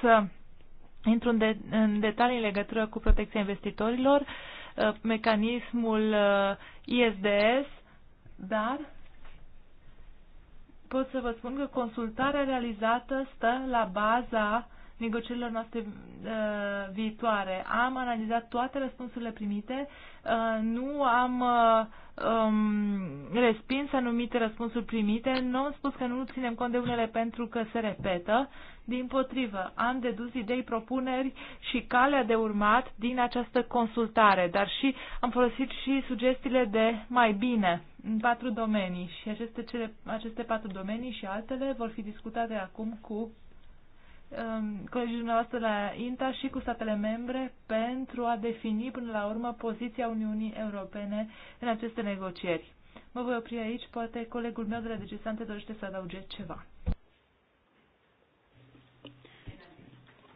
să intru în, de, în detalii în legătură cu protecția investitorilor. Uh, Uh, mecanismul uh, ISDS, dar pot să vă spun că consultarea realizată stă la baza negocierilor noastre uh, viitoare. Am analizat toate răspunsurile primite, nu am um, respins anumite răspunsuri primite, nu am spus că nu ținem cont de unele pentru că se repetă, din potrivă, am dedus idei, propuneri și calea de urmat din această consultare, dar și am folosit și sugestiile de mai bine în patru domenii și aceste, cele, aceste patru domenii și altele vor fi discutate acum cu Um, colegii dumneavoastră la INTA și cu statele membre pentru a defini până la urmă poziția Uniunii Europene în aceste negocieri. Mă voi opri aici, poate colegul meu de la Decisante dorește să adauge ceva.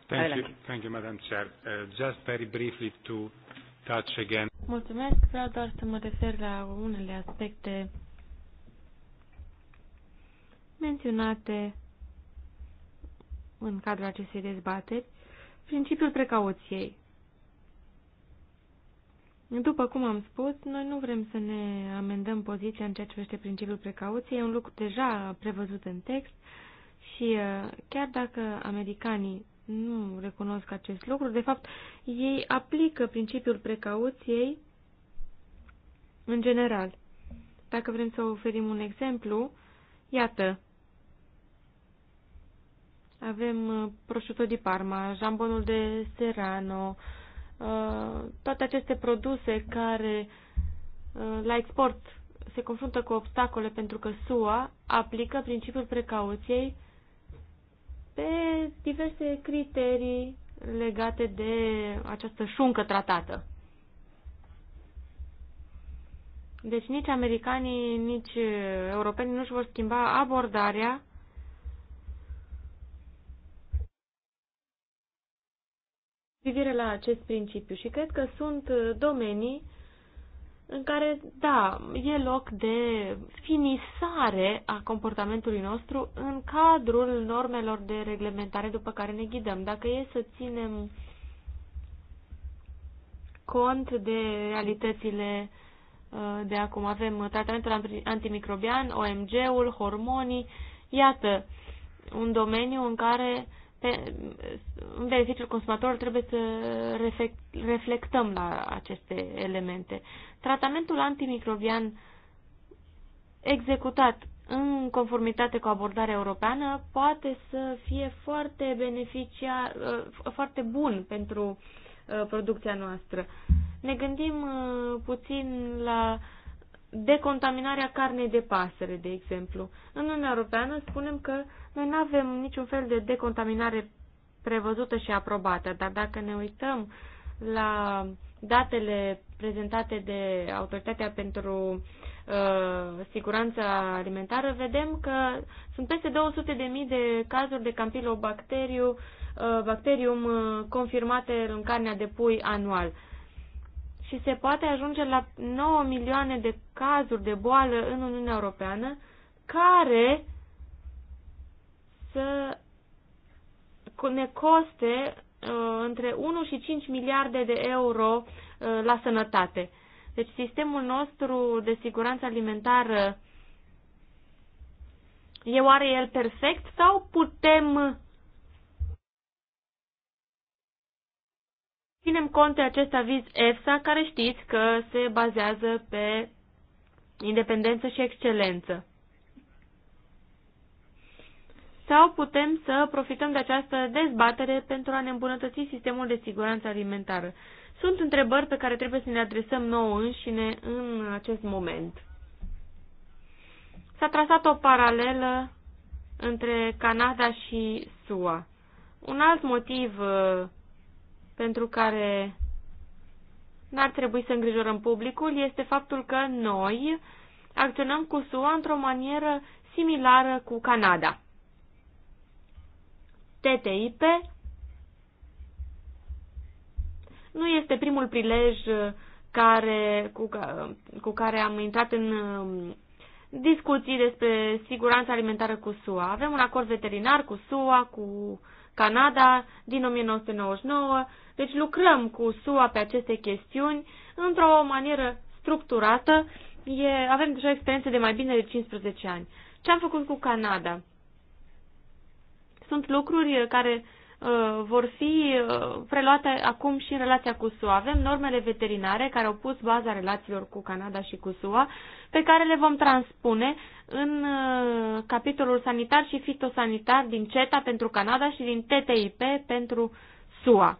Thank you, thank you, Madam Chair. Uh, just very briefly to touch again. Mulțumesc, vreau doar să mă refer la unele aspecte menționate în cadrul acestei dezbateri principiul precauției. După cum am spus, noi nu vrem să ne amendăm poziția în ceea ce privește principiul precauției, e un lucru deja prevăzut în text și uh, chiar dacă americanii nu recunosc acest lucru, de fapt ei aplică principiul precauției în general. Dacă vrem să oferim un exemplu, iată, avem uh, prosciutto di Parma, jambonul de Serrano, uh, toate aceste produse care uh, la export se confruntă cu obstacole pentru că SUA aplică principiul precauției pe diverse criterii legate de această șuncă tratată. Deci nici americanii, nici europenii nu-și vor schimba abordarea privire la acest principiu și cred că sunt uh, domenii în care, da, e loc de finisare a comportamentului nostru în cadrul normelor de reglementare după care ne ghidăm. Dacă e să ținem cont de realitățile uh, de acum, avem tratamentul antimicrobian, OMG-ul, hormonii, iată, un domeniu în care în beneficiul consumatorului trebuie să reflectăm la aceste elemente. Tratamentul antimicrobian executat în conformitate cu abordarea europeană poate să fie foarte beneficiar, uh, foarte bun pentru uh, producția noastră. Ne gândim uh, puțin la uh, decontaminarea carnei de pasăre, de exemplu. În Uniunea Europeană spunem că noi nu avem niciun fel de decontaminare prevăzută și aprobată, dar dacă ne uităm la datele prezentate de Autoritatea pentru uh, Siguranța Alimentară, vedem că sunt peste 200.000 de cazuri de campilobacterium uh, bacterium, uh, confirmate în carnea de pui anual. Uh, și se poate ajunge la 9 milioane de cazuri de boală în Uniunea Europeană care să ne coste uh, între 1 și 5 miliarde de euro uh, la sănătate. Deci sistemul nostru de siguranță alimentară e oare el perfect sau putem Ținem cont de acest aviz EFSA, care știți că se bazează pe independență și excelență. Sau putem să profităm de această dezbatere pentru a ne îmbunătăți sistemul de siguranță alimentară. Sunt întrebări pe care trebuie să ne adresăm nouă înșine în acest moment. S-a trasat o paralelă între Canada și SUA. Un alt motiv uh, pentru care n-ar trebui să îngrijorăm publicul este faptul că noi acționăm cu SUA într-o manieră similară cu Canada. TTIP nu este primul prilej uh, care, cu, uh, cu care am intrat în um, discuții despre siguranța alimentară cu SUA. Avem un acord veterinar cu SUA, cu Canada din 1999, deci lucrăm cu SUA pe aceste chestiuni într-o manieră structurată. E, avem deja experiențe de mai bine de 15 ani. Ce am făcut cu Canada? Sunt lucruri care Uh, vor fi uh, preluate acum și în relația cu SUA. Avem normele veterinare care au pus baza relațiilor cu Canada și cu SUA, pe care le vom transpune în uh, capitolul sanitar și fitosanitar din CETA pentru Canada și din TTIP pentru SUA.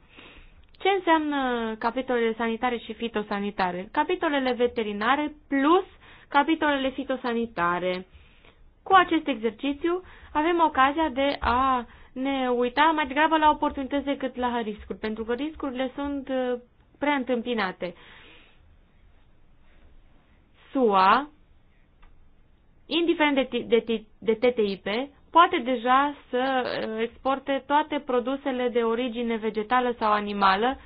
Ce înseamnă capitolele sanitare și fitosanitare? Capitolele veterinare plus capitolele fitosanitare. Cu acest exercițiu avem ocazia de a uh, ne uita mai degrabă la oportunități decât la riscuri, pentru că riscurile sunt uh, prea întâmpinate. SUA, indiferent de, de, de TTIP, poate deja să uh, exporte toate produsele de origine vegetală sau animală,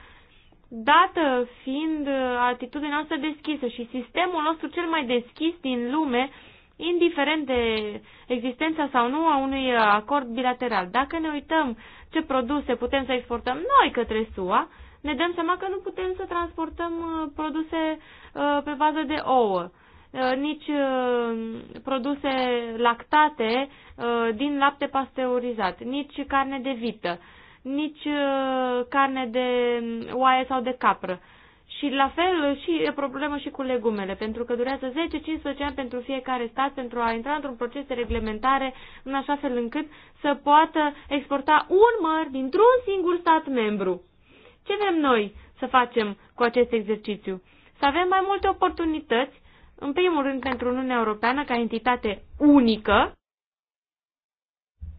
dată fiind uh, atitudinea noastră deschisă și sistemul nostru cel mai deschis din lume indiferent de existența sau nu a unui acord bilateral. Dacă ne uităm ce produse putem să exportăm noi către SUA, ne dăm seama că nu putem să transportăm uh, produse uh, pe bază de ouă, uh, nici produse lactate din lapte pasteurizat, nici carne de vită, nici carne de um, oaie sau de capră. Și la fel și e problemă și cu legumele, pentru că durează 10-15 ani pentru fiecare stat pentru a intra într-un proces de reglementare în așa fel încât să poată exporta un măr dintr-un singur stat membru. Ce vrem noi să facem cu acest exercițiu? Să avem mai multe oportunități, în primul rând pentru Uniunea Europeană ca entitate unică,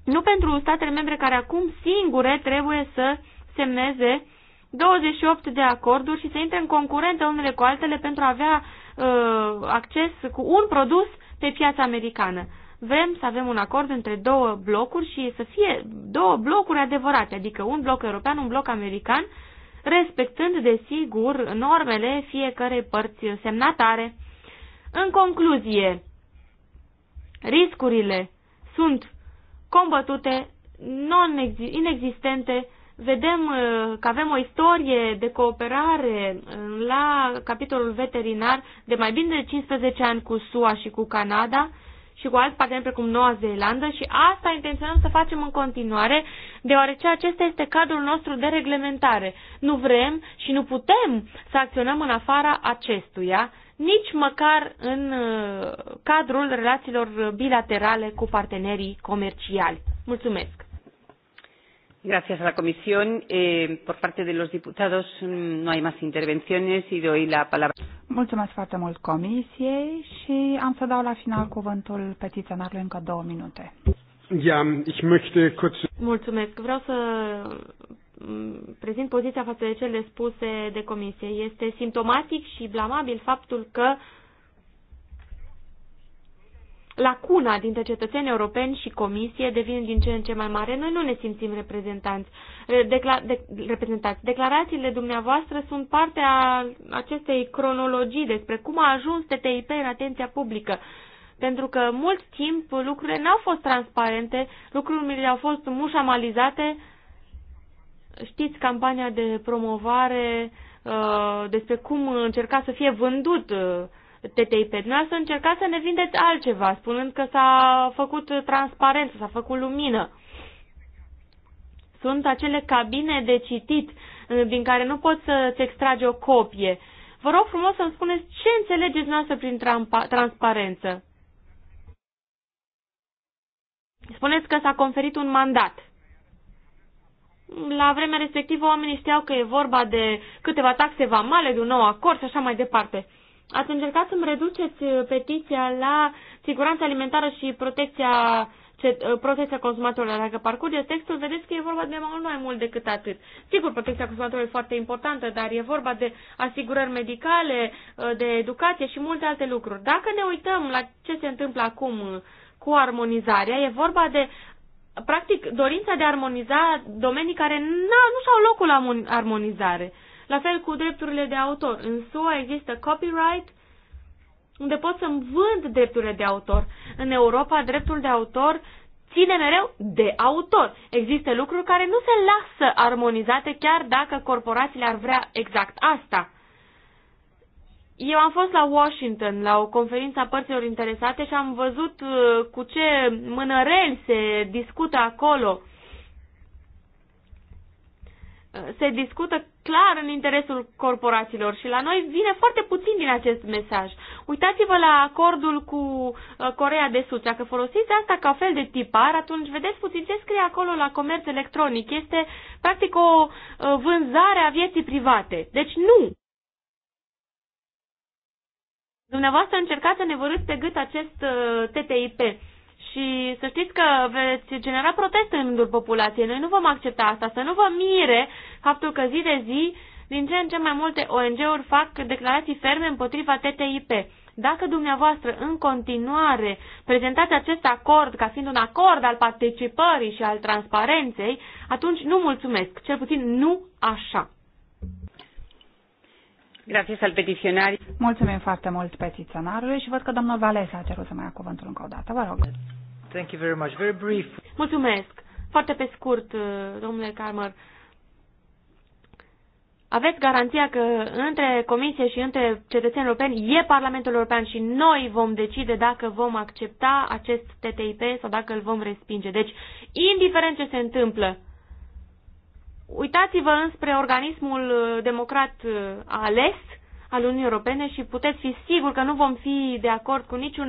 nu pentru statele membre care acum singure trebuie să semneze 28 de acorduri și să intre în concurență unele cu altele pentru a avea uh, acces cu un produs pe piața americană. Vrem să avem un acord între două blocuri și să fie două blocuri adevărate, adică un bloc european, un bloc american, respectând, desigur, normele fiecare părți semnatare. În concluzie, riscurile sunt combătute, non-inexistente, vedem uh, că avem o istorie de cooperare uh, la capitolul veterinar de mai bine de 15 ani cu SUA și cu Canada și cu alți parteneri precum Noua Zeelandă și asta intenționăm să facem în continuare, deoarece acesta este cadrul nostru de reglementare. Nu vrem și nu putem să acționăm în afara acestuia, nici măcar în uh, cadrul relațiilor bilaterale cu partenerii comerciali. Mulțumesc! Gracias a la Comisión. Eh, por parte de los diputados mm, no hay más intervenciones y doy la palabra. Mulțumesc foarte mult Comisiei și am să dau la final cuvântul petiționarului încă două minute. Ja, ich möchte kurz... Mulțumesc. Vreau să mm, prezint poziția față de cele spuse de Comisie. Este simptomatic și blamabil faptul că lacuna dintre cetățeni europeni și comisie devine din ce în ce mai mare. Noi nu ne simțim reprezentanți. Eh, decla- de- reprezentanți. Declarațiile dumneavoastră sunt parte a acestei cronologii despre cum a ajuns TTIP în atenția publică. Pentru că mult timp lucrurile n-au fost transparente, lucrurile au fost mușamalizate. Știți campania de promovare uh, despre cum încerca să fie vândut uh, TTIP. Dumneavoastră încercați să ne vindeți altceva, spunând că s-a făcut transparență, s-a făcut lumină. Sunt acele cabine de citit eh, din care nu poți să-ți extragi o copie. Vă rog frumos să-mi spuneți ce înțelegeți noastră prin transparență. Spuneți că s-a conferit un mandat. La vremea respectivă oamenii știau că e vorba de câteva taxe vamale, de un nou acord și așa mai departe. Ați încercat să-mi reduceți uh, petiția la siguranța alimentară și protecția uh, protecția consumatorilor. Dacă parcurgeți textul, vedeți că e vorba de mult mai mult decât atât. Sigur, protecția consumatorilor e foarte importantă, dar e vorba de asigurări medicale, uh, de educație și multe alte lucruri. Dacă ne uităm la ce se întâmplă acum cu armonizarea, e vorba de practic dorința de a armoniza domenii care nu și-au locul la armonizare. La fel cu drepturile de autor. În SUA există copyright unde pot să-mi vând drepturile de autor. În Europa, dreptul de autor ține mereu de autor. Există lucruri care nu se lasă armonizate chiar dacă corporațiile ar vrea exact asta. Eu am fost la Washington, la o conferință a părților interesate și am văzut uh, cu ce mânăreli se discută acolo. Uh, se discută clar în interesul corporațiilor și la noi vine foarte puțin din acest mesaj. Uitați-vă la acordul cu uh, Corea de Sud. Dacă folosiți asta ca fel de tipar, atunci vedeți puțin ce scrie acolo la comerț electronic. Este practic o uh, vânzare a vieții private. Deci nu! Dumneavoastră încercați să ne vărâți pe gât acest uh, TTIP. Și să știți că veți genera proteste în rândul populației. Noi nu vom accepta asta. Să nu vă mire faptul că zi de zi din ce în ce mai multe ONG-uri fac declarații ferme împotriva TTIP. Dacă dumneavoastră în continuare prezentați acest acord ca fiind un acord al participării și al transparenței, atunci nu mulțumesc, cel puțin nu așa. Gracias al petiționar. Mulțumim foarte mult petiționarului și văd că domnul Valesa a cerut să mai ia cuvântul încă o dată. Vă rog. Thank you very much. Very brief. Mulțumesc. Foarte pe scurt, domnule Carmer. Aveți garanția că între Comisie și între cetățenii europeni e Parlamentul European și noi vom decide dacă vom accepta acest TTIP sau dacă îl vom respinge. Deci, indiferent ce se întâmplă, Uitați-vă înspre organismul uh, democrat uh, ales al Uniunii Europene și puteți fi siguri că nu vom fi de acord cu niciun,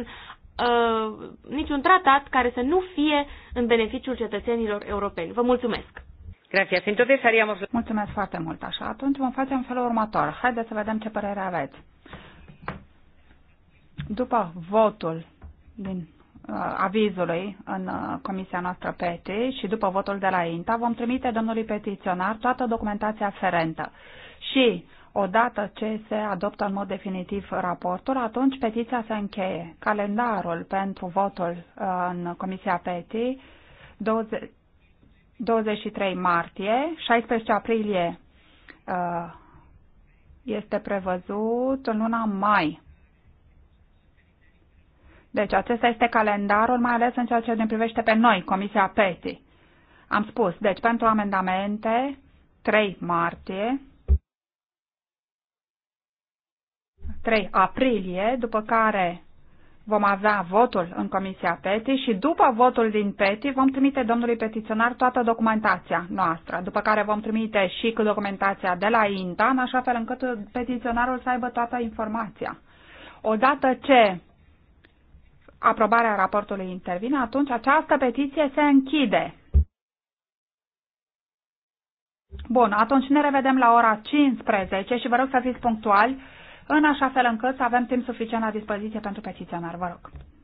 uh, niciun tratat care să nu fie în beneficiul cetățenilor europeni. Vă mulțumesc! Gracias. Entonces haríamos... Mulțumesc foarte mult. Așa, atunci vom face în felul următor. Haideți să vedem ce părere aveți. După votul din Uh, avizului în uh, comisia noastră PETI și după votul de la INTA vom trimite domnului petiționar toată documentația aferentă. Și odată ce se adoptă în mod definitiv raportul, atunci petiția se încheie. Calendarul pentru votul uh, în comisia PETI 20, 23 martie, 16 aprilie este prevăzut în luna mai deci acesta este calendarul, mai ales în ceea ce ne privește pe noi, Comisia PETI. Am spus, deci pentru amendamente, 3 martie, 3 aprilie, după care vom avea votul în Comisia PETI și după votul din PETI vom trimite domnului petiționar toată documentația noastră, după care vom trimite și cu documentația de la INTA, în așa fel încât petiționarul să aibă toată informația. Odată ce aprobarea raportului intervine, atunci această petiție se închide. Bun, atunci ne revedem la ora 15 și vă rog să fiți punctuali, în așa fel încât să avem timp suficient la dispoziție pentru petiționar. Vă rog.